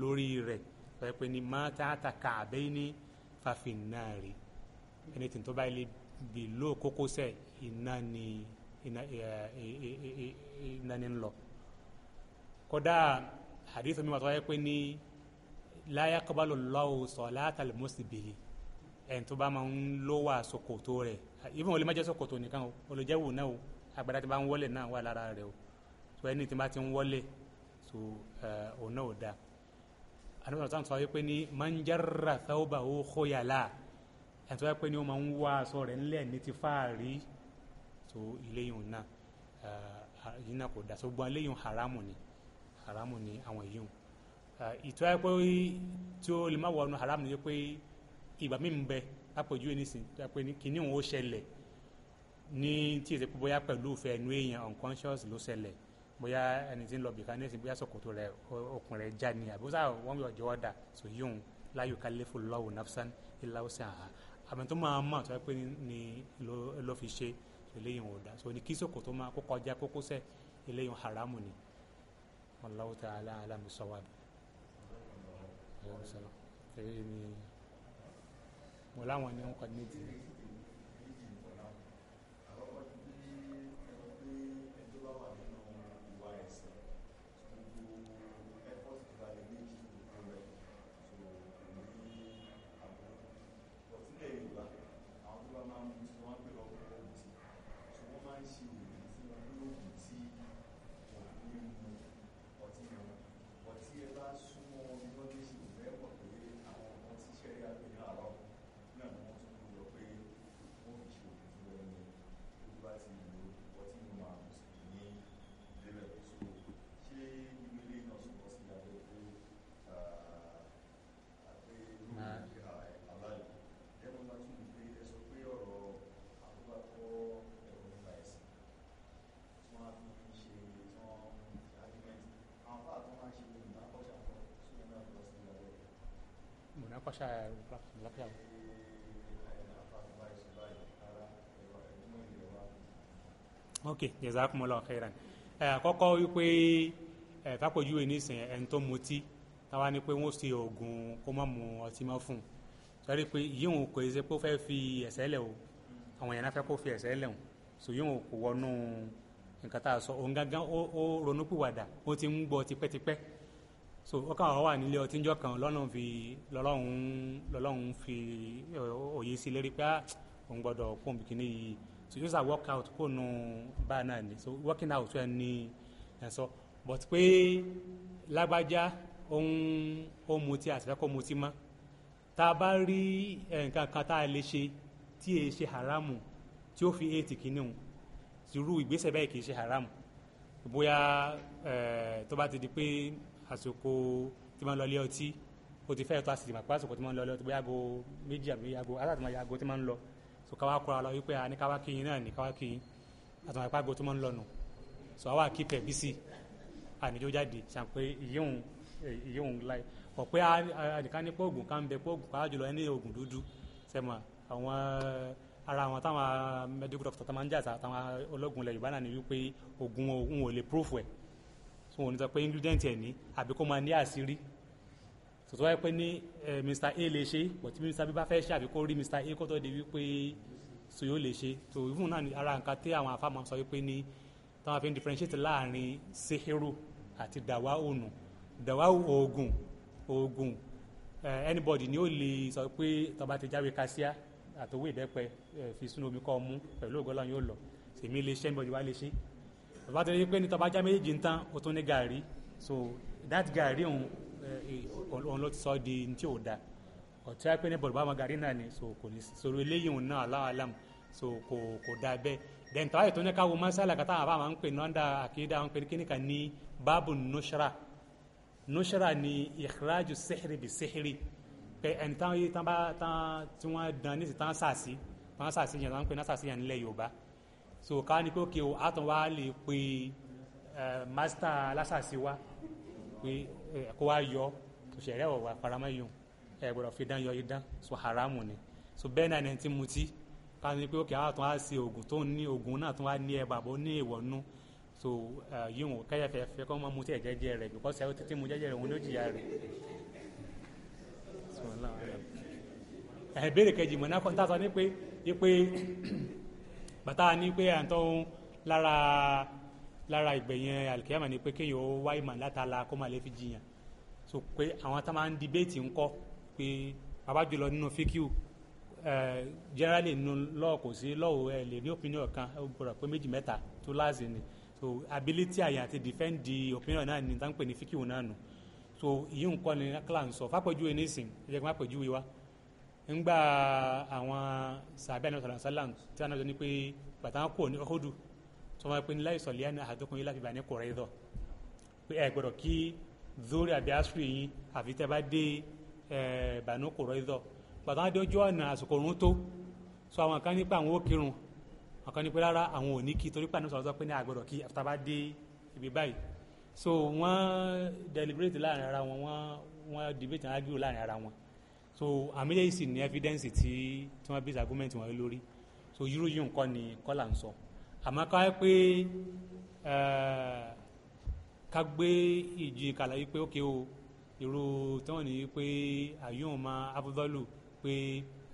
lórí rẹ̀ pẹ̀lú pé ni má tààtà kàbẹ́ ní fàfin náà rí anything tó bá ilé below kókósẹ̀ iná ni iná eh, eh, ni ń lọ kódà hadith mi wà tó wáyé pé ní la yaqbalu Allahu salatal musbili ẹni tó bá máa ń lówà ṣòkòtò rẹ̀ ibi wọn lè má jẹ́ ṣòkòtò nìkan o olùjẹ́wò náà o agbada tí bá ń wọlé náà wà lára rẹ̀ o so ẹni tí bá ti ń wọlé so òun náà ò da àdúgbò náà sọ wípé ní man jarra thawbahu khuyala ẹni tó wáyé pé ní wọ́n máa ń wá aṣọ rẹ̀ ńlẹ̀ ní ti fáàrí so iléyìn náà yìí náà kò da so gbọ́n iléyìn haramu ni haramu ni àwọn yìí ah, ìtura pé tí ó lè má wọnú haramu ni pé ìgbà mi ń bẹ lápòjú ẹnìsìn pé kìíní òun ó ṣẹlẹ̀ ní tí èsì pé bóyá pẹ̀lú ìfẹ́ ẹnu èèyàn unconscious ló ṣẹlẹ̀ bóyá ẹni tí ń lọ bìkan ní ẹsìn bóyá ṣòkòtò rẹ̀ okùn rẹ̀ já ni àbúrò sáà wọ́n yọ̀ jẹ́wọ́ dà sọ yóò la yukallifu Allahu nafsan illa wus'aha àmì tó máa mọ̀ tó pé ni ló fi ṣe eléyìí ò dá so ní kí ṣòkòtò máa kó kọjá kókósẹ̀ eléyìí haramu ni. والله تعالى أعلم بالصواب mo láwọn ni يوم قد نجي. Pasha Lapia. ok jazakumullahu khairan ẹ eh, àkọ́kọ́ wípé ẹ fàpọ̀júwe nísìnyí eh, ẹni eh, tó mutí táwa ni pé wọ́n ṣe oògùn kó má mu ọtí mọ́ fún un sọ́rí pé yíyún kò ṣe pé ó fẹ́ fi ẹ̀sẹ̀ lẹ̀ o àwọn èèyàn náà fẹ́ kó fi ẹ̀sẹ̀ lẹ̀ o sọ yíyún kò wọnú nǹkan tá a sọ òun gángan ó ronú pìwàdà so ó kàn wà nílé ọtí njọ́ kan lọ́nà fi lọ́lọ́run lọ́lọ́run fi òye sí lérí pé ah, òun gbọ́dọ̀ kó òun bìkínní yìí so yóò sà work out kó nu báà náà ni so working out ẹ ní ẹ sọ but pé lágbájá òun ó mutí àti fẹ́ kó mutí mọ́ tá a bá rí nǹkan kan tá a lè ṣe tí èyí ṣe haramu tí ó fi éètì kínní o irú ìgbésẹ̀ bẹ́ẹ̀ kì ṣe haramu bóyá tó bá ti di pé àsìkò tí máa ń lọ ilé ọtí o ti fẹ́ẹ̀ tó àsìkò ìmọ̀ pé àsìkò tí máa ń lọ ilé ọtí bóyá aago méjì àbí aago alátìmọ̀ aago tí máa ń lọ so káwá kóra lọ wípé a ní káwá kí yín náà ní káwá kí yín àtàwọn àpá aago tó máa ń lọ nù so àwa kí pẹ̀ bísí àníjó jáde sàn pé ìyóhùn ìyóhùn láì pọ̀ pé àdìkan ní pọ́ọ̀gùn ká ń bẹ pọ́ọ̀gùn ká jùlọ ní oògùn dúdú sẹ́mu àwọn ara àwọn táwọn medical doctor tó máa ń jà àtàwọn ológun ilẹ̀ Yorùbá náà ní wípé oògùn òun ò lè proof ẹ̀ so wọn ní sọ pé ingredient ẹ̀ ní àbí kó máa ní àṣírí tòtò wáyé pé ní Mr A lè ṣe but Mr B bá fẹ́ ṣe àbí kó rí Mr A kó tó di wípé so yóò lè ṣe so even náà ni ara nǹkan tí àwọn afáàmọ́ sọ wípé ní táwọn fi ń differentiate láàrin sehiru àti dàwa òònù dàwa oògùn oògùn anybody ni ó lè sọ pé tó bá ti jáwé kásíá àtòwé ìdẹ́pẹ fi sínú omi kọ́ ọ mú pẹ̀lú ògbọ́lọ́yìn ó lọ èmi lè ṣe anybody wá lè ṣe bàbá tó yẹ pé ní tọ́bajá méjì ń tán o tún ní gàrí so that gàrí òun ló ti sọ di ní tí ò da ọ̀tí wáyé pé ní bọ̀dọ̀ bá wọn náà ni so kò ní sọ̀rọ̀ eléyìí òun náà aláwọ̀ alam so kò kò da bẹ́ẹ̀ then tọ́wáyé tó ní káwọ masala kàtà àwọn àwọn ń pè ní ọ̀ndà àkídà àwọn ń pè ní kíníkà ní báàbù nusra nusra ni ìkìlájú sihiri bi sihiri pé ẹni táwọn yìí tán bá tán tí wọ́n dan ní ti tán sàásì tán sàásì yẹn tán pè ní sàásì yẹn nílẹ̀ Yorùbá so ká ní pé òkè o àtàn wa lè pe master alásàsí wa pé kó wa yọ òṣèré ọ̀wà faramọ́ yòó ẹ gbọ́dọ̀ fi dán yọ idán so haramu ni so bẹ́ẹ̀ náà ni ti mutí ká ní pé òkè àwọn àtàn wa ṣe oògùn tó ní oògùn náà tó wá ní ẹ bàbá ó ní ìwọ̀nú so yíwọn kẹyà fẹ fẹ kọ mọ mu tí ẹ jẹjẹ rẹ because ẹ títí mu jẹjẹ rẹ òun ló jìyà rẹ ẹ béèrè kejì mọ náà kọ ní tàbí ní pé ní pé bàtà ni pé à ń tọ́ ohun lára lára ìgbẹ̀yìn alikiyama ni pé kéèyàn ó wá ìmọ̀ látara kó má lè fi jiyàn so pé àwọn tá máa ń dibéètì ń kọ́ pé abájọlọ nínú fíkìú generally nínú lọ́ọ̀ kò sí lọ́ọ̀ ẹ lè ní opinion kan ó gbọ́dọ̀ pé méjì mẹ́ta tó láàzì ni so ability àyàn àti defend the opinion náà ni tá ń pè ní fíkìú náà nù so ìyí nǹkan ni kílà ń sọ fápẹ́jú ẹni sìn ẹ jẹ́ kí wọ́n á pẹ̀jú wa ńgbà àwọn sàbẹ̀ àná sọ̀rọ̀ sálàm tí wọn ní pé bàtà wọn kò ní ọ̀hódù tí wọn pe ní láì sọ̀lẹ́ àná àdókùn yìí láti bà ní kọ̀rẹ́ dọ̀ pé ẹ gbọ́dọ̀ kí zori àbí asiri yìí àfi tẹ́ bá dé bànú kọ̀rẹ́ dọ̀ bàtà wọn dé ojú ọ̀nà àsìkò òrùn tó so àwọn kan ní pé àwọn ó kírun àwọn kan ní pé rárá àwọn ò ní kí torí pé àná sọ̀rọ̀ sọ pé ní àgbọ̀dọ̀ kí àfi tá bá dé ibi báyìí so wọ́n deliberate láàrin so àmì yẹn sì ní evidence tí tí wọ́n base argument wọn lórí so irú yìí nǹkan ni kọ́là ń sọ àmọ́ ká wáyé pé eh, ká gbé ìjì kàlà yìí pé ókè o irú tí wọ́n ní pé àyùn máa abúdọ́lù pé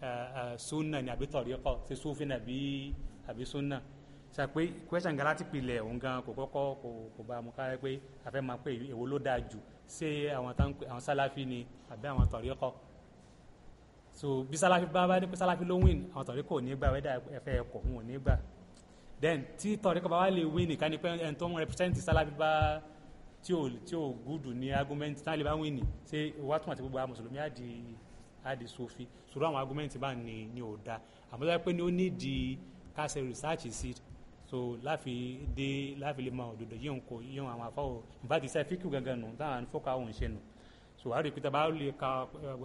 eh, eh, sunna ni àbí tọ̀ríkọ̀ ṣe sófin àbí àbí sunna sọ pé question gan láti pilẹ̀ òun gan kò kọ́kọ́ kò kò bá mu ká wáyé pé a fẹ́ máa pé èwo ló dáa jù ṣé àwọn sáláfí ni àbí àwọn tọ̀ríkọ̀ so bí sáláfi bá bá ní pé sáláfi ló win àwọn tọ̀rí kò ní gbà wẹ́dà ẹ̀fẹ́ ẹ̀kọ́ wọn ò ní gbà then tí tọ̀rí kọ́ bá wá lè win nìkan ni pé ẹni tó ń represent sáláfi bá tí ò tí ò gúdù ní argument tán lè bá win ni ṣé wàá túmọ̀ tí gbogbo àwọn mùsùlùmí á di á di sofi sọ̀rọ̀ àwọn argument bá ní ní ò da àmọ́ tó pé ní ó ní di ká ṣe research sí so láfi dé láfi lè mọ òdòdó yíyan kò yíyan àwọn àfọwọ́ ìbátí sẹ́fíkù gangan sùwárí pété bá lè ka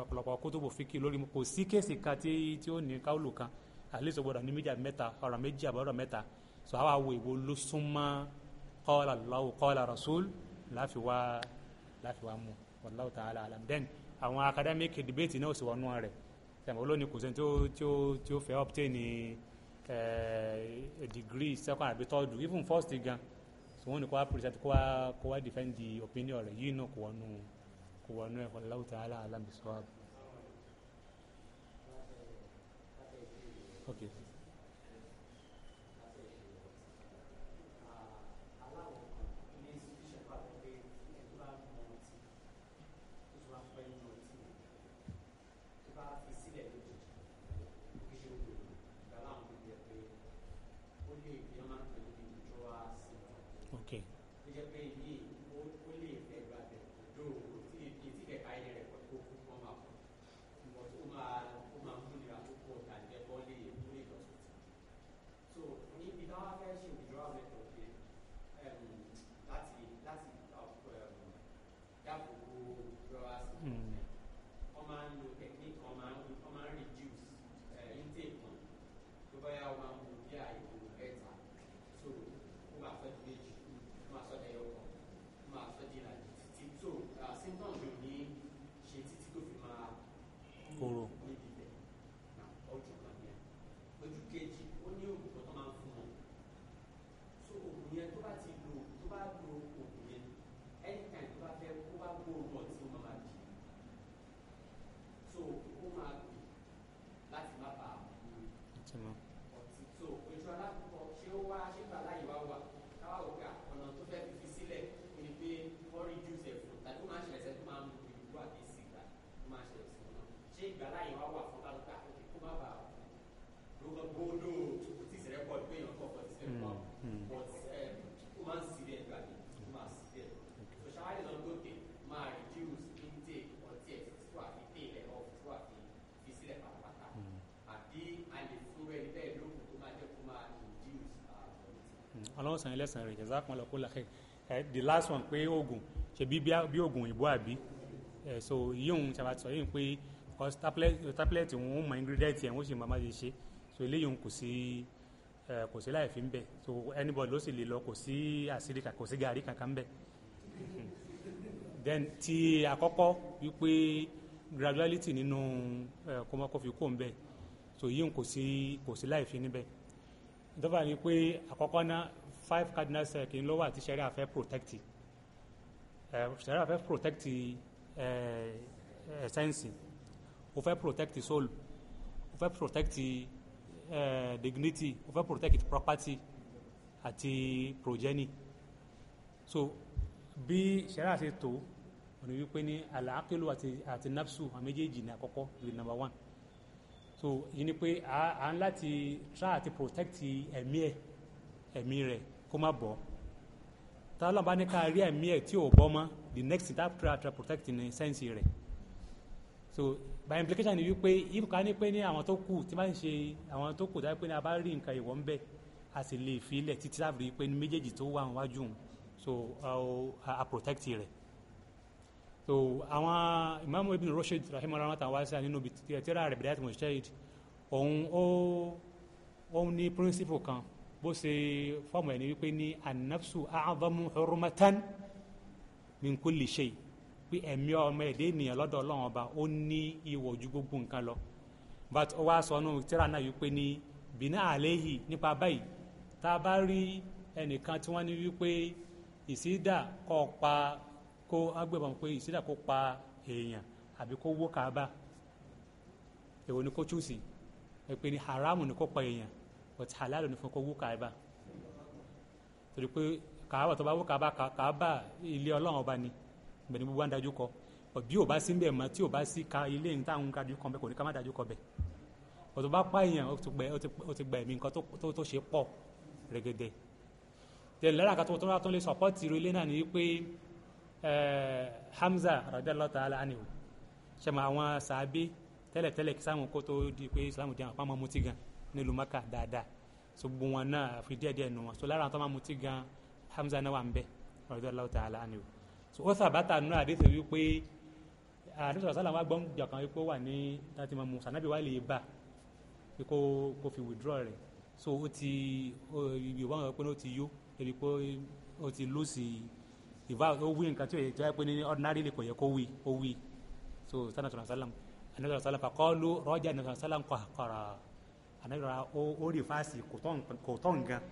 ọ̀pọ̀lọpọ̀ kótóbò fíkì lórí kò sí kéèsì kan tí tí ó ní káwùlù kan àlésò gbọdọ̀ ní méjì mẹ́ta ọ̀rọ̀ méjì àbọ̀rọ̀ mẹ́ta sọ àwọn àwo ìwo ló súnmọ́ qala Allahu qala rasul láfi wá láfi wá mu wallahu ta'ala alam then àwọn academic debate náà sì wọnú rẹ̀ tẹ̀mọ̀ olónìí kò sẹ́ni tí ó tí ó tí ó fẹ́ obtain eh, degree second àbí third even first gan so wọ́n ní kó wá present kó wá kó wá defend the opinion rẹ̀ yìí náà kò wọnú rẹ̀. وانه والله تعالى اعلم بالصواب okay Ọlọ́run sàn ẹlẹ́sàn rẹ̀ jazakumullahu kullu khair the last one pé oògùn ṣe bí bí oògùn ìbò àbí eh, so yíyún ṣàbà sọ yíyún pé tablet wọn ó mọ ingredient yẹn wọn sì máa ṣe ṣe so eléyìí kò sí eh, kò sí láì fi ń bẹ so anybody ló sì lè lọ kò sí àṣírí kò sí gàrí kankan bẹ then ti àkọ́kọ́ wípé graduality nínú kọmọkọ́fì kò ń bẹ̀ so yíyún kò sí kò sí láìfi níbẹ̀ dọ́fà ni pé àkọ́kọ́ náà five cardinal kì í ló wà tí sẹ́ríà fẹ́ protect eh, sẹ́ríà fẹ́ protect eh, eh, sẹ́ǹsì ó fẹ́ protect soul ó fẹ́ protect dignity ó fẹ́ protect property àti progeny so bí sẹ́ríà ṣe tó òní wípé ní àlàákìlù àti àti napsu àwọn méjèèjì ní àkọ́kọ́ ìlú number one so yìí ni pé à ń láti try àti protect ẹ̀mí ẹ̀ ẹ̀mí rẹ̀ kó má bọ́ tálọ́ bá ní ká rí ẹ̀mí ẹ̀ tí ò bọ́ mọ́ the next that prayer to protect ní sense rẹ̀ so by implication ni wípé ìbùkún á ní pé ní àwọn tó kù tí wọ́n ṣe àwọn tó kù dájú pé ní a bá rí nǹkan ìwọ̀ ń bẹ̀ a sì lè fi ilẹ̀ títí láti rí i pé ní méjèèjì tó wà níwájú so a protect rẹ̀ so àwọn imaamu ibn Rushd rahimahullah rahmatan wa sa nínú tírà rẹ̀ bidayat mujtahid òun ó ó ní principle kan bó ṣe fọ́ọ̀mù ẹ̀ ni wípé ní an-nafsu a'zamu hurmatan min kulli shay pé ẹ̀mí ọmọ ẹ̀dẹ́ ènìyàn lọ́dọ̀ ọlọ́run ọba ó ní ìwọ̀ ju gbogbo nǹkan lọ but ó wá sọ nù tíra náà wípé ní bìnà àléhì nípa báyìí tá a bá rí ẹnìkan tí wọ́n ní wípé ìsídà kọ́ pa kó agbébọn pé ìsídà kó pa èèyàn àbí kó wó kaaba èwo ni kó túùsì ẹ pé ní haramu ni kó pa èèyàn but halal ni fún kó wú kaaba torí pé kaaba tó bá wú kaaba kaaba ilé ọlọ́run ọba ni ìgbẹ́ni gbogbo à ń dájú kọ ọ̀bí ò bá sí ń bẹ̀ mọ́ tí ò bá sí ka ilé ń táwọn kájú kan bẹ́ẹ̀ kò ní ká má dájú kọ bẹ́ẹ̀ ọ̀tún bá pààyàn ó ti gbẹ̀mí nǹkan tó ṣe pọ̀ rẹ̀gẹ̀dẹ̀ tẹ̀lé lára kan tó tún lè sọ̀pọ́tì irú ilé náà ni pé Hamza radiyallahu ta'ala anhu ṣe mọ àwọn sàábé tẹ́lẹ̀tẹ́lẹ̀ kí sáwọn kó tó di pé Islam di àwọn pàmò mutí gan-an nílùú maka dáadáa so gbogbo wọn náà àfi díẹ̀ díẹ̀ nù wọn so lára àwọn tó máa mutí gan hamza náà wà ń bẹ radiyallahu ta'ala anhu so ó sàbátà nù àdéhùn wípé àdéhùn sàlám wa gbọ́n jà kan wípé ó wà ní láti máa mu sànàbí wà lè bà pé kó kó fi withdraw rẹ̀ so ó ti ibi ìwà wọn pé ó ti yó ebi pé ó ti lóòsì ìbá ó wí nǹkan tí ó yẹ jẹ́ pé ní ordinary lè kò yẹ kó wí ó wí so sànà sàlám àdéhùn sàlám faqalu raja àdéhùn sàlám kọ́ àkọ́rọ̀ anabi rara ó ó rìfáàsì kò tọ́ nǹkan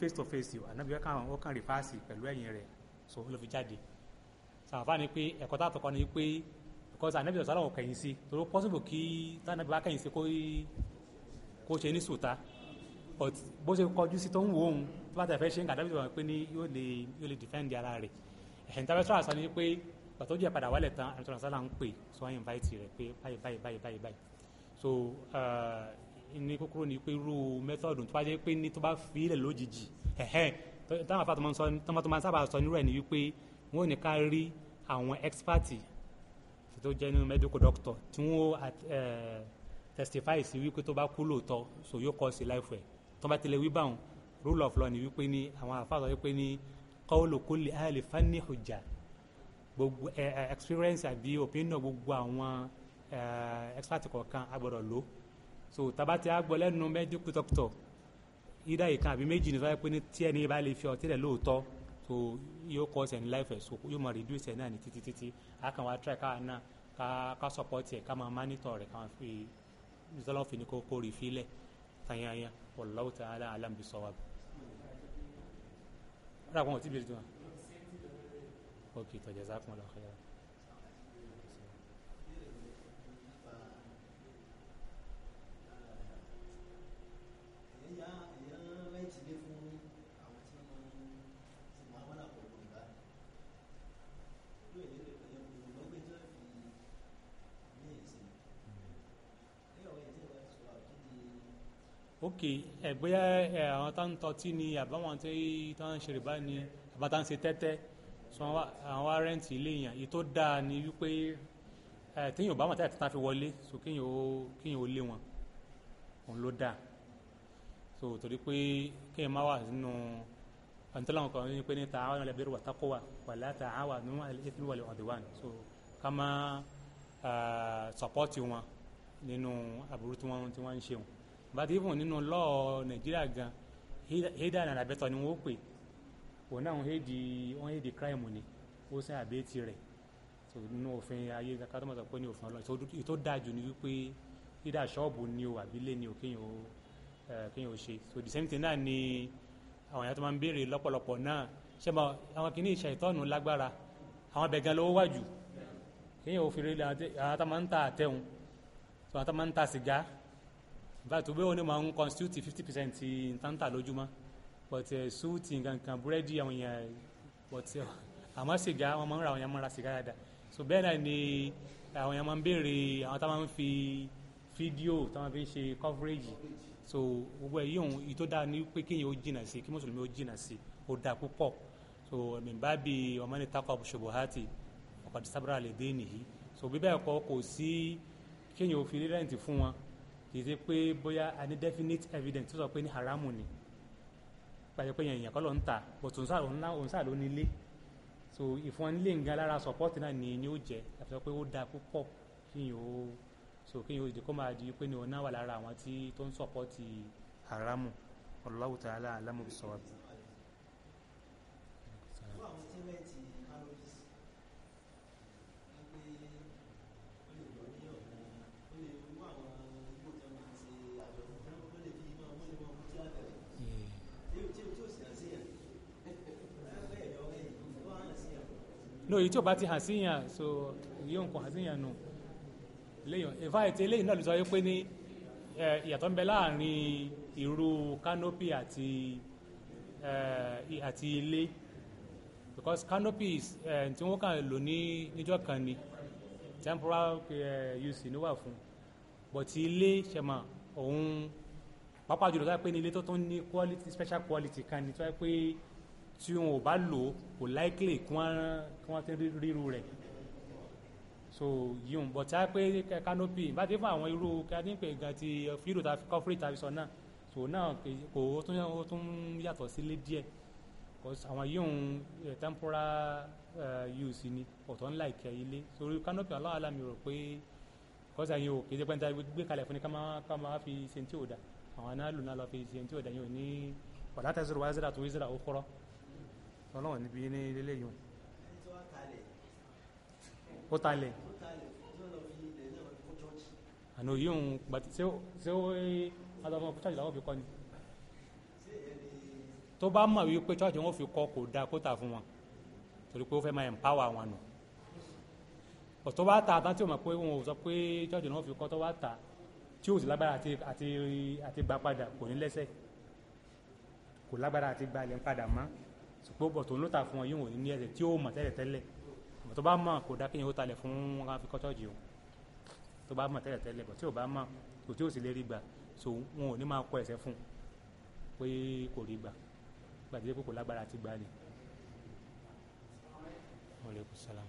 face to face yìí anabi kan ó kàn rìfáàsì pẹ̀lú ẹ̀yìn rẹ̀ so ó lọ fi jáde tá a tọkọ ni pé because anabi sọ̀rọ̀ sọ̀rọ̀ kẹ̀yìn sí torí possible kí tànàbí bá kẹ̀yìn sí kó kó ṣe ní sùtá but bó ṣe kọjú sí tó ń wo òun tó bá tẹ̀ fẹ́ ṣe ń gàdábì sọ̀rọ̀ pé ní yóò lè yóò lè defend ara rẹ̀ ẹ̀hìn tàbí sọ̀rọ̀ sọ ni pé pàtó jẹ́ padà wálẹ̀ tán àmì sọ̀rọ̀ sọ̀rọ̀ ń pè so wọ́n invite rẹ̀ pé báyìí báyìí so uh, ní kúkúrú ni pé irú mẹ́tọ́ọ̀dù tó bá jẹ́ pé ní tó bá fi ilẹ̀ lójijì ẹ̀hẹ́n táwọn afáàtọ̀ máa ń sábà sọ nírú ẹ̀ ni wípé wọ́n ò ní ká rí àwọn ẹ́xpáàtì tó jẹ́ nínú medical doctor tí wọ́n uh, testify sí wípé tó bá kú lóòótọ́ so yóò kọ́ sí life ẹ̀ tó bá tilẹ̀ wí báwọn rule of law ni wípé ní àwọn afáàtọ̀ wípé ní qawlu kulli ahli fanni hujja gbogbo eh, eh, experience àbí opinion gbogbo àwọn Eh, expert kọ̀ọ̀kan agbọ́dọ̀ lò so taba ti a gbọ́ lẹ́nu medical doctor ida yìí kan àbí méjì ní sọ́yẹ́ pé ní tí ẹni bá lè fi ọtí rẹ̀ lóòótọ́ so yóò kọ́ ọ̀sẹ̀ ní láìfẹ̀ so yóò mọ̀ reduce ẹ̀ náà ní títí títí a kàn wá try káwa náà ká ká support ẹ̀ ká máa monitor rẹ̀ káwọn fi zọlọ́ fi ní kó kó rí filẹ̀ tanyanya wallahu ta'ala alam bisawab. ọ̀rọ̀ àwọn ok tọ̀jà sáà kún un lọ́kọ̀ yàrá. tí èèyàn rẹ́ǹtì lé fún àwọn tí wọ́n ti máa wọ́n àpò ògùn ìgbà lóye lè pẹ̀lú ògùn lọ́gbẹ́ ń tọ́tí ni àbáwọn tí wọ́n ń ṣe rìbá ni àbáta ń ṣe tẹ́tẹ́ sọ àwọn wá ilé yẹn èyí tó dáa ni wípé téèyàn bá wọn tẹ́tẹ́ tán fi wọlé so kéèyàn ó lé wọn òun ló dáa so torí pé kéèyàn má wà nínú àǹtọ́láwọn kan ní pé ní ta àwọn ọ̀lẹ́bí rẹ̀ tako wà wàlá ta àwọn àánú àìlẹ́sìn wà lè ọ̀dẹ̀ wà so ká má sọpọ́ọ̀tì wọn nínú àbúrú tí wọ́n tí wọ́n ń ṣe wọn bàtí ìfún nínú lọ́ọ̀ nàìjíríà gan hédà nàrà bẹ́tọ̀ ni wọ́n pè òun náà wọ́n hédi wọ́n hédi crime ni ó sẹ́ àbẹ́tì rẹ̀ so nínú òfin ayé kátó mọ̀ sọ pé ní òfin ọlọ́ọ̀ kéèyàn ò ṣe so the same thing náà ni àwọn èèyàn tó máa ń béèrè lọ́pọ̀lọpọ̀ náà ṣé mo àwọn kìíní ṣàìtọ́nù lágbára àwọn abẹ gan lówó wájú kéèyàn ò fi rí àwọn tó máa ń ta àtẹ̀hún so àwọn tó máa ń ta sìgá báyìí tó bẹ́ẹ̀ wọ́n ní ń constitute fifty percent ntanta lójúmọ́ but eh, suuti nkankan búrẹ́dì àwọn èèyàn but eh, àmọ́ sìgá wọn máa ń ra àwọn èèyàn máa ra sìgá dáadáa so bẹ́ẹ̀ náà ni àwọn èèyàn máa ń béèrè àwọn tó máa ń fi fídíò tó máa fi ń ṣe coverage so gbogbo ẹ yíyún yìí tó dáa ní pé kéèyàn ó jìnnà sí kí mùsùlùmí ó jìnnà sí ó dáa púpọ̀ so min babi ọmọ ní takọ ṣubuhati ọ̀pàdé sábúrà lè dé nìyí so bíbẹ́ ẹ̀kọ́ kò sí kéèyàn ò fi rírẹ́ǹtì fún wọn kì í ṣe pé bóyá a ní definite evidence tó sọ pé ní haramu ni pàṣẹ pé yẹn kọ́ ló ń ta but òun sáà nílé so ìfọ̀nilé nǹkan lára support náà ni yóò jẹ́ àti sọ pé ó dáa púpọ̀ kéèyàn ó so kí yóò di kó máa di pé ní òun náà lára àwọn tí tó ń sọpọ́tì haramu Allahu ta'ala alamu bisawab. no èyí tí o bá ti hàn síyàn so èyí ò hàn síyàn nù. No léyìn in fact eléyìí náà ló sọ pé ní ìyàtọ̀ ń bẹ láàrin irú canopy àti àti ilé because canopy tí wọ́n kàn lò ní níjọ́ kan ni temporal use ni wà fún but ilé ṣẹ̀mà òun pàápàá jùlọ tó yẹ pé ní ilé tó tún ní quality special quality kan ni tó yẹ pé tí wọn ò bá lò kò likely kí wọ́n rí ríru rẹ̀ so yíyún bọ̀ tí a pé canopy bá dé fún àwọn irú kádínpẹ̀ gan ti fídò tàbí coverage tàbí sọ náà so náà kò ó tún ó tún yàtọ̀ sílé díẹ̀ because àwọn yíyún eh, temporal uh, use ni ọ̀tọ̀ ńlá ìkẹ́ ilé sórí canopy aláwọ̀ alámi rò pé because àyìn ò kì í ṣe pẹ́ńtà gbé kalẹ̀ fún ni ká máa ká máa fi ṣe tí ò da àwọn anáàlú náà lọ fi ṣe tí ò da yín ò ní wàlátà zero wá zero àti wí zero ó kọ́rọ́ ọlọ́run níbi ní lélẹ́yìn o ó talẹ̀ àná yìí òun gbàtí ṣé ó adọ́mọ church làwọn fi kọ́ ni tó bá mọ̀ wípé church wọn fi kọ́ kò dáa kó tà fún wọn torí pé ó fẹ́ máa empower wọn nù ọ̀tọ́ bá ta àtàntí òmà pé wọn ò sọ pé church náà fi kọ́ tó bá ta tí ó sì lágbára àti gba padà kò ní lẹ́sẹ̀ kò lágbára àti gbalẹ̀ padà mọ́ ṣùgbọ́n bọ̀ tó ń lò fún wọn yóò ní ẹsẹ̀ tí ó mọ̀ tẹ́lẹ̀ tẹ́lẹ̀ àmọ́ tó bá mọ̀ kò dá kéèyàn ó talẹ̀ fún wọn fi kọ́ chọ́ọ̀jì o tó bá mọ̀ tẹ́lẹ̀ tẹ́lẹ̀ bọ̀ tí ò bá mọ̀ kò tí ò sì lè rí gbà so wọn ò ní máa kọ ẹ̀sẹ̀ fún pé kò rí gbà gbàdúrà pé kò lágbára ti gbà ni. Aleykum salaam.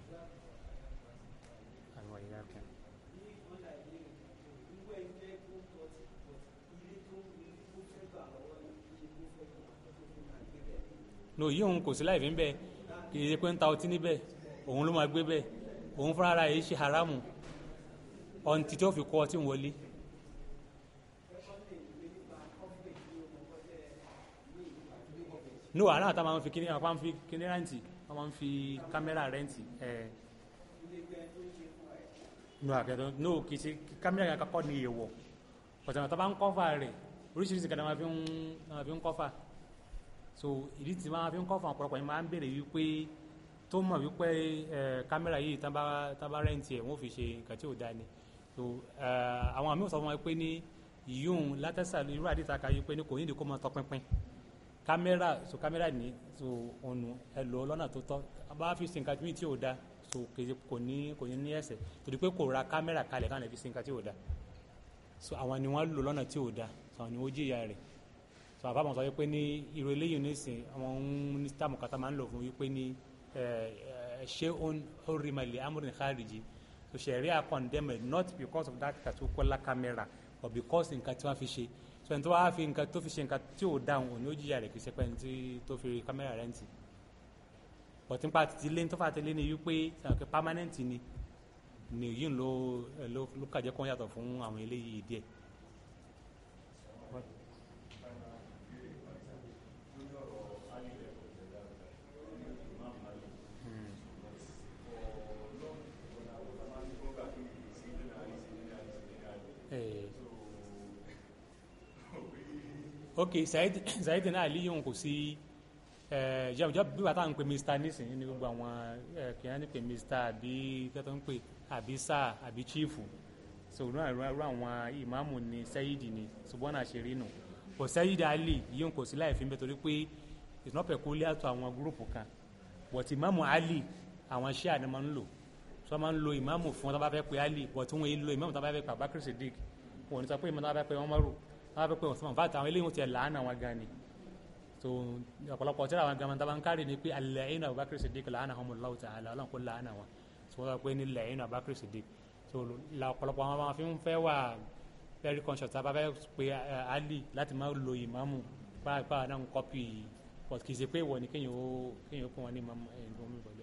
no yíyún kò sí láì fi ń bẹ kì í ń ta ọtí níbẹ̀ òun ló máa gbé bẹ́ẹ̀ òun fúnra ara yìí ṣe haramu ọ̀ǹtì tó fi kọ́ ọtí wọlé. no àná àtàwọn máa ń fi kíní àwọn máa ń fi kíní rẹ́ǹtì wọ́n máa ń fi kámẹ́rà rẹ́ǹtì ẹ̀ no àgbẹ̀dọ̀ no kì í ṣe kámẹ́rà yẹn kakọ́ ni èèwọ̀ pọ̀tàmọ̀ tó bá ń kọ́fà rẹ̀ oríṣiríṣi kan máa fi ń kọ́fà so ìdí tí máa fi ń kọ́fà ọ̀pọ̀lọpọ̀ yẹn máa ń béèrè wípé tó mọ̀ wípé kámẹ́rà yìí tán bá rẹ́ǹtì ẹ̀ wọ́n fi ṣe nǹkan tí ò dá ni so àwọn àmì òsàn fún wa pé ní yíyún látẹ́sà irú àdìsá yìí pé ní kò ní ìdí kó mọ tọpinpin kámẹ́rà so kámẹ́rà ní so ọ̀nù ẹ lò ó lọ́nà tó tọ́ bá fi ṣe nǹkan tí ò dá so kò ní kò ní ní ẹ̀ṣẹ̀ torí pé kò ra kámẹ́rà kalẹ̀ káwọn fi ṣe nǹkan tí ò dá so àwọn ni wọ́n lò lọ́nà tí ò dá so àwọn ni wọ́n jìyà rẹ̀ so àbámọ̀ sọ wípé ní irú eléyìí nísìnyí àwọn ohun ní táàmù kata máa ń lò fún wípé ní shay'un hurrima li amrin khariji so sharia condemn it not because of that particular camera but because nǹkan tí wọ́n fi ṣe so ẹni tó wá fi nǹkan tó fi ṣe nǹkan tí ò dáhùn òní ó jìyà rẹ̀ kì í ṣe pé ẹni tó fi kámẹ́rà rẹ̀ ń tì nípa ti lé tó fà ti ni wípé sànkẹ́ permanent ni nìyí ló ló kàjẹ́ kó yàtọ̀ fún àwọn eléyìí díẹ̀. ok Saidina Ali yìí òun kò sí jọjọ bí wàá táwọn ń pè mr nisin ní gbogbo àwọn kìíní ní pè mr àbí kẹtọ ń pè àbí sir àbí chief so irú àwọn ìmáàmù ni Saidi ni ṣùgbọ́n náà ṣe rí nù but Saidina Ali yìí òun kò sí láì fi ń bẹ torí pé it's not peculiar to àwọn gúrùpù kan but ìmáàmù Ali àwọn ṣíà ni wọ́n ń lò sọ ma ń lo ìmáàmù fún wọn tó bá fẹ́ pe Ali but wọ́n yìí lo ìmáàmù tó bá fẹ́ pe Abubakar Siddiq wọ́n ní sọ pé ìmáàmù tó bá fẹ́ pe Umaru wọ́n á fẹ́ pé wọ́n sọ́mọ̀ fáta àwọn eléyìí wọ́n ti ẹ̀ làánà wọn gan ni so ọ̀pọ̀lọpọ̀ tí àwọn gan tàbá ń kárì ni pé alẹ́yìn Abubakar Siddiq làánà wọn lọ́wọ́ tà àlà ọlọ́run kó làánà wọn so wọ́n sọ pé ní lẹ́yìn Abubakar Siddiq so ọ̀pọ̀lọpọ̀ àwọn máa fi ń fẹ́ wà very conscious tá a bá fẹ́ pe Ali láti má lo ìmáàmù pàápàá náà ń kọ́pì but kì í ṣe pé ìwọ ni kéèyàn ó kéèyàn ó kún wọn ní ìmáàmù ẹ̀ ń gbọ́n mi pẹ̀lú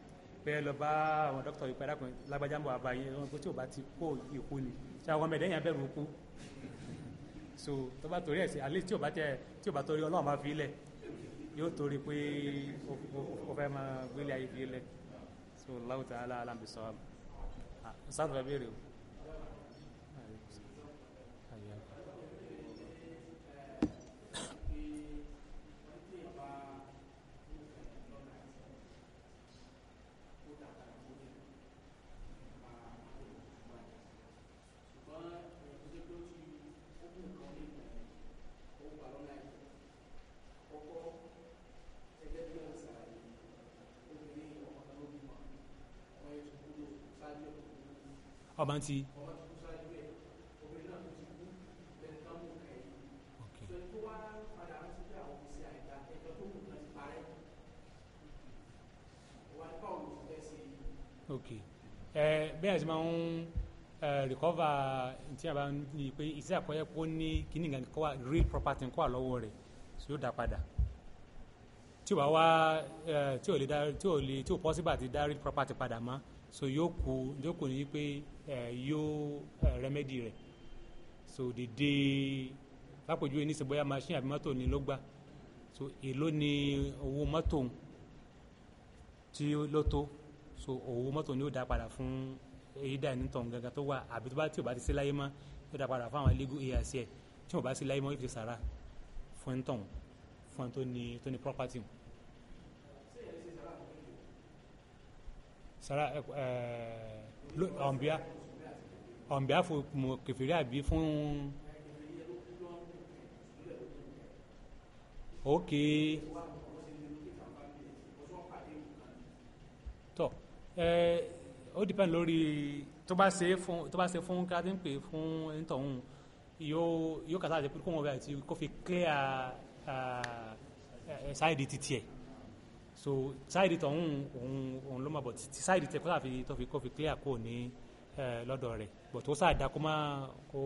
bẹ́ẹ̀ lọ bá àwọn dókítà yìí padà kan lágbájá ń bọ̀ àbá yẹn wọn kó tí o bá ti kó ìkó ni ṣé àwọn ọmọ ẹ̀dẹ́yìn abẹ́rù kú so tó bá torí ẹ̀ sí àlè tí o bá tẹ tí o bá torí ọlọ́run máa fi lẹ̀ yóò torí pé o fẹ́ máa gbélé ayé fi lẹ̀ so láwùjọ aláàlámbèsọ sáà tó fẹ́ béèrè o. ọba ti. ok ẹ bẹ́ẹ̀ sì máa ń rìkọ́fà tí a bá ń ní pé iṣẹ́ àkọ́yẹ́ kó ní kíní nǹkan kó wà real property kó wà lọ́wọ́ rẹ̀ tí ó dá padà tí ò bá wá tí ò lè tí ò lè tí ò possible àti dá real property padà mọ́ so yóò kú yóò kú ní wípé yóò rẹmẹdì rẹ so dèdè lápòjúwe ní sèbóyá machine àbí mọ́tò ni ló gbà so èló ni owó mọ́tò tí ló tó so owó mọ́tò ni ó dá padà fún èyí dà ní tọ̀hún gangan tó wà àbí tó bá tí ò bá ti sí láyé mọ́ ó dá padà fún àwọn legal heirs ẹ̀ tí ò bá sí láyé mọ́ ó fi sàrà fún tọ̀hún fún tó tó ní property sara ọ̀nbíà ọ̀nbíà fún kẹfìrí àbí fún òkè tọ ó dìpẹ́ o depend lori, ṣe fún tó bá ṣe fún kí a ti ń pè fún ẹnitọ̀hún yóò yóò kàtà àti pé kó wọn bẹ àti fi clear ṣáìdì ah, eh, títí ẹ̀ so sáìdì tọ̀hún òun òun ló mọ̀ bọ̀ tí sáìdì tẹ kó sáà fi tó fi kó fi clear kó ní lọ́dọ̀ rẹ̀ bọ̀ tó sáà dá kó má kó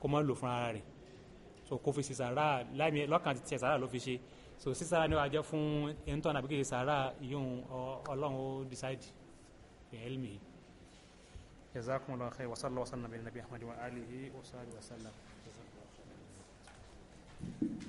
kó má lò fúnra rẹ̀ so kó fi ṣe sàrà láìmí lọ́kàn ti tiẹ̀ sàrà ló fi ṣe so sísára ni wàá jẹ́ fún ẹni tó àná àbíkè sàrà ìyóhun ọlọ́run ó decide bẹ́ẹ̀ mi. جزاكم الله خير وصلى الله وسلم على نبينا محمد وآله وصحبه وسلم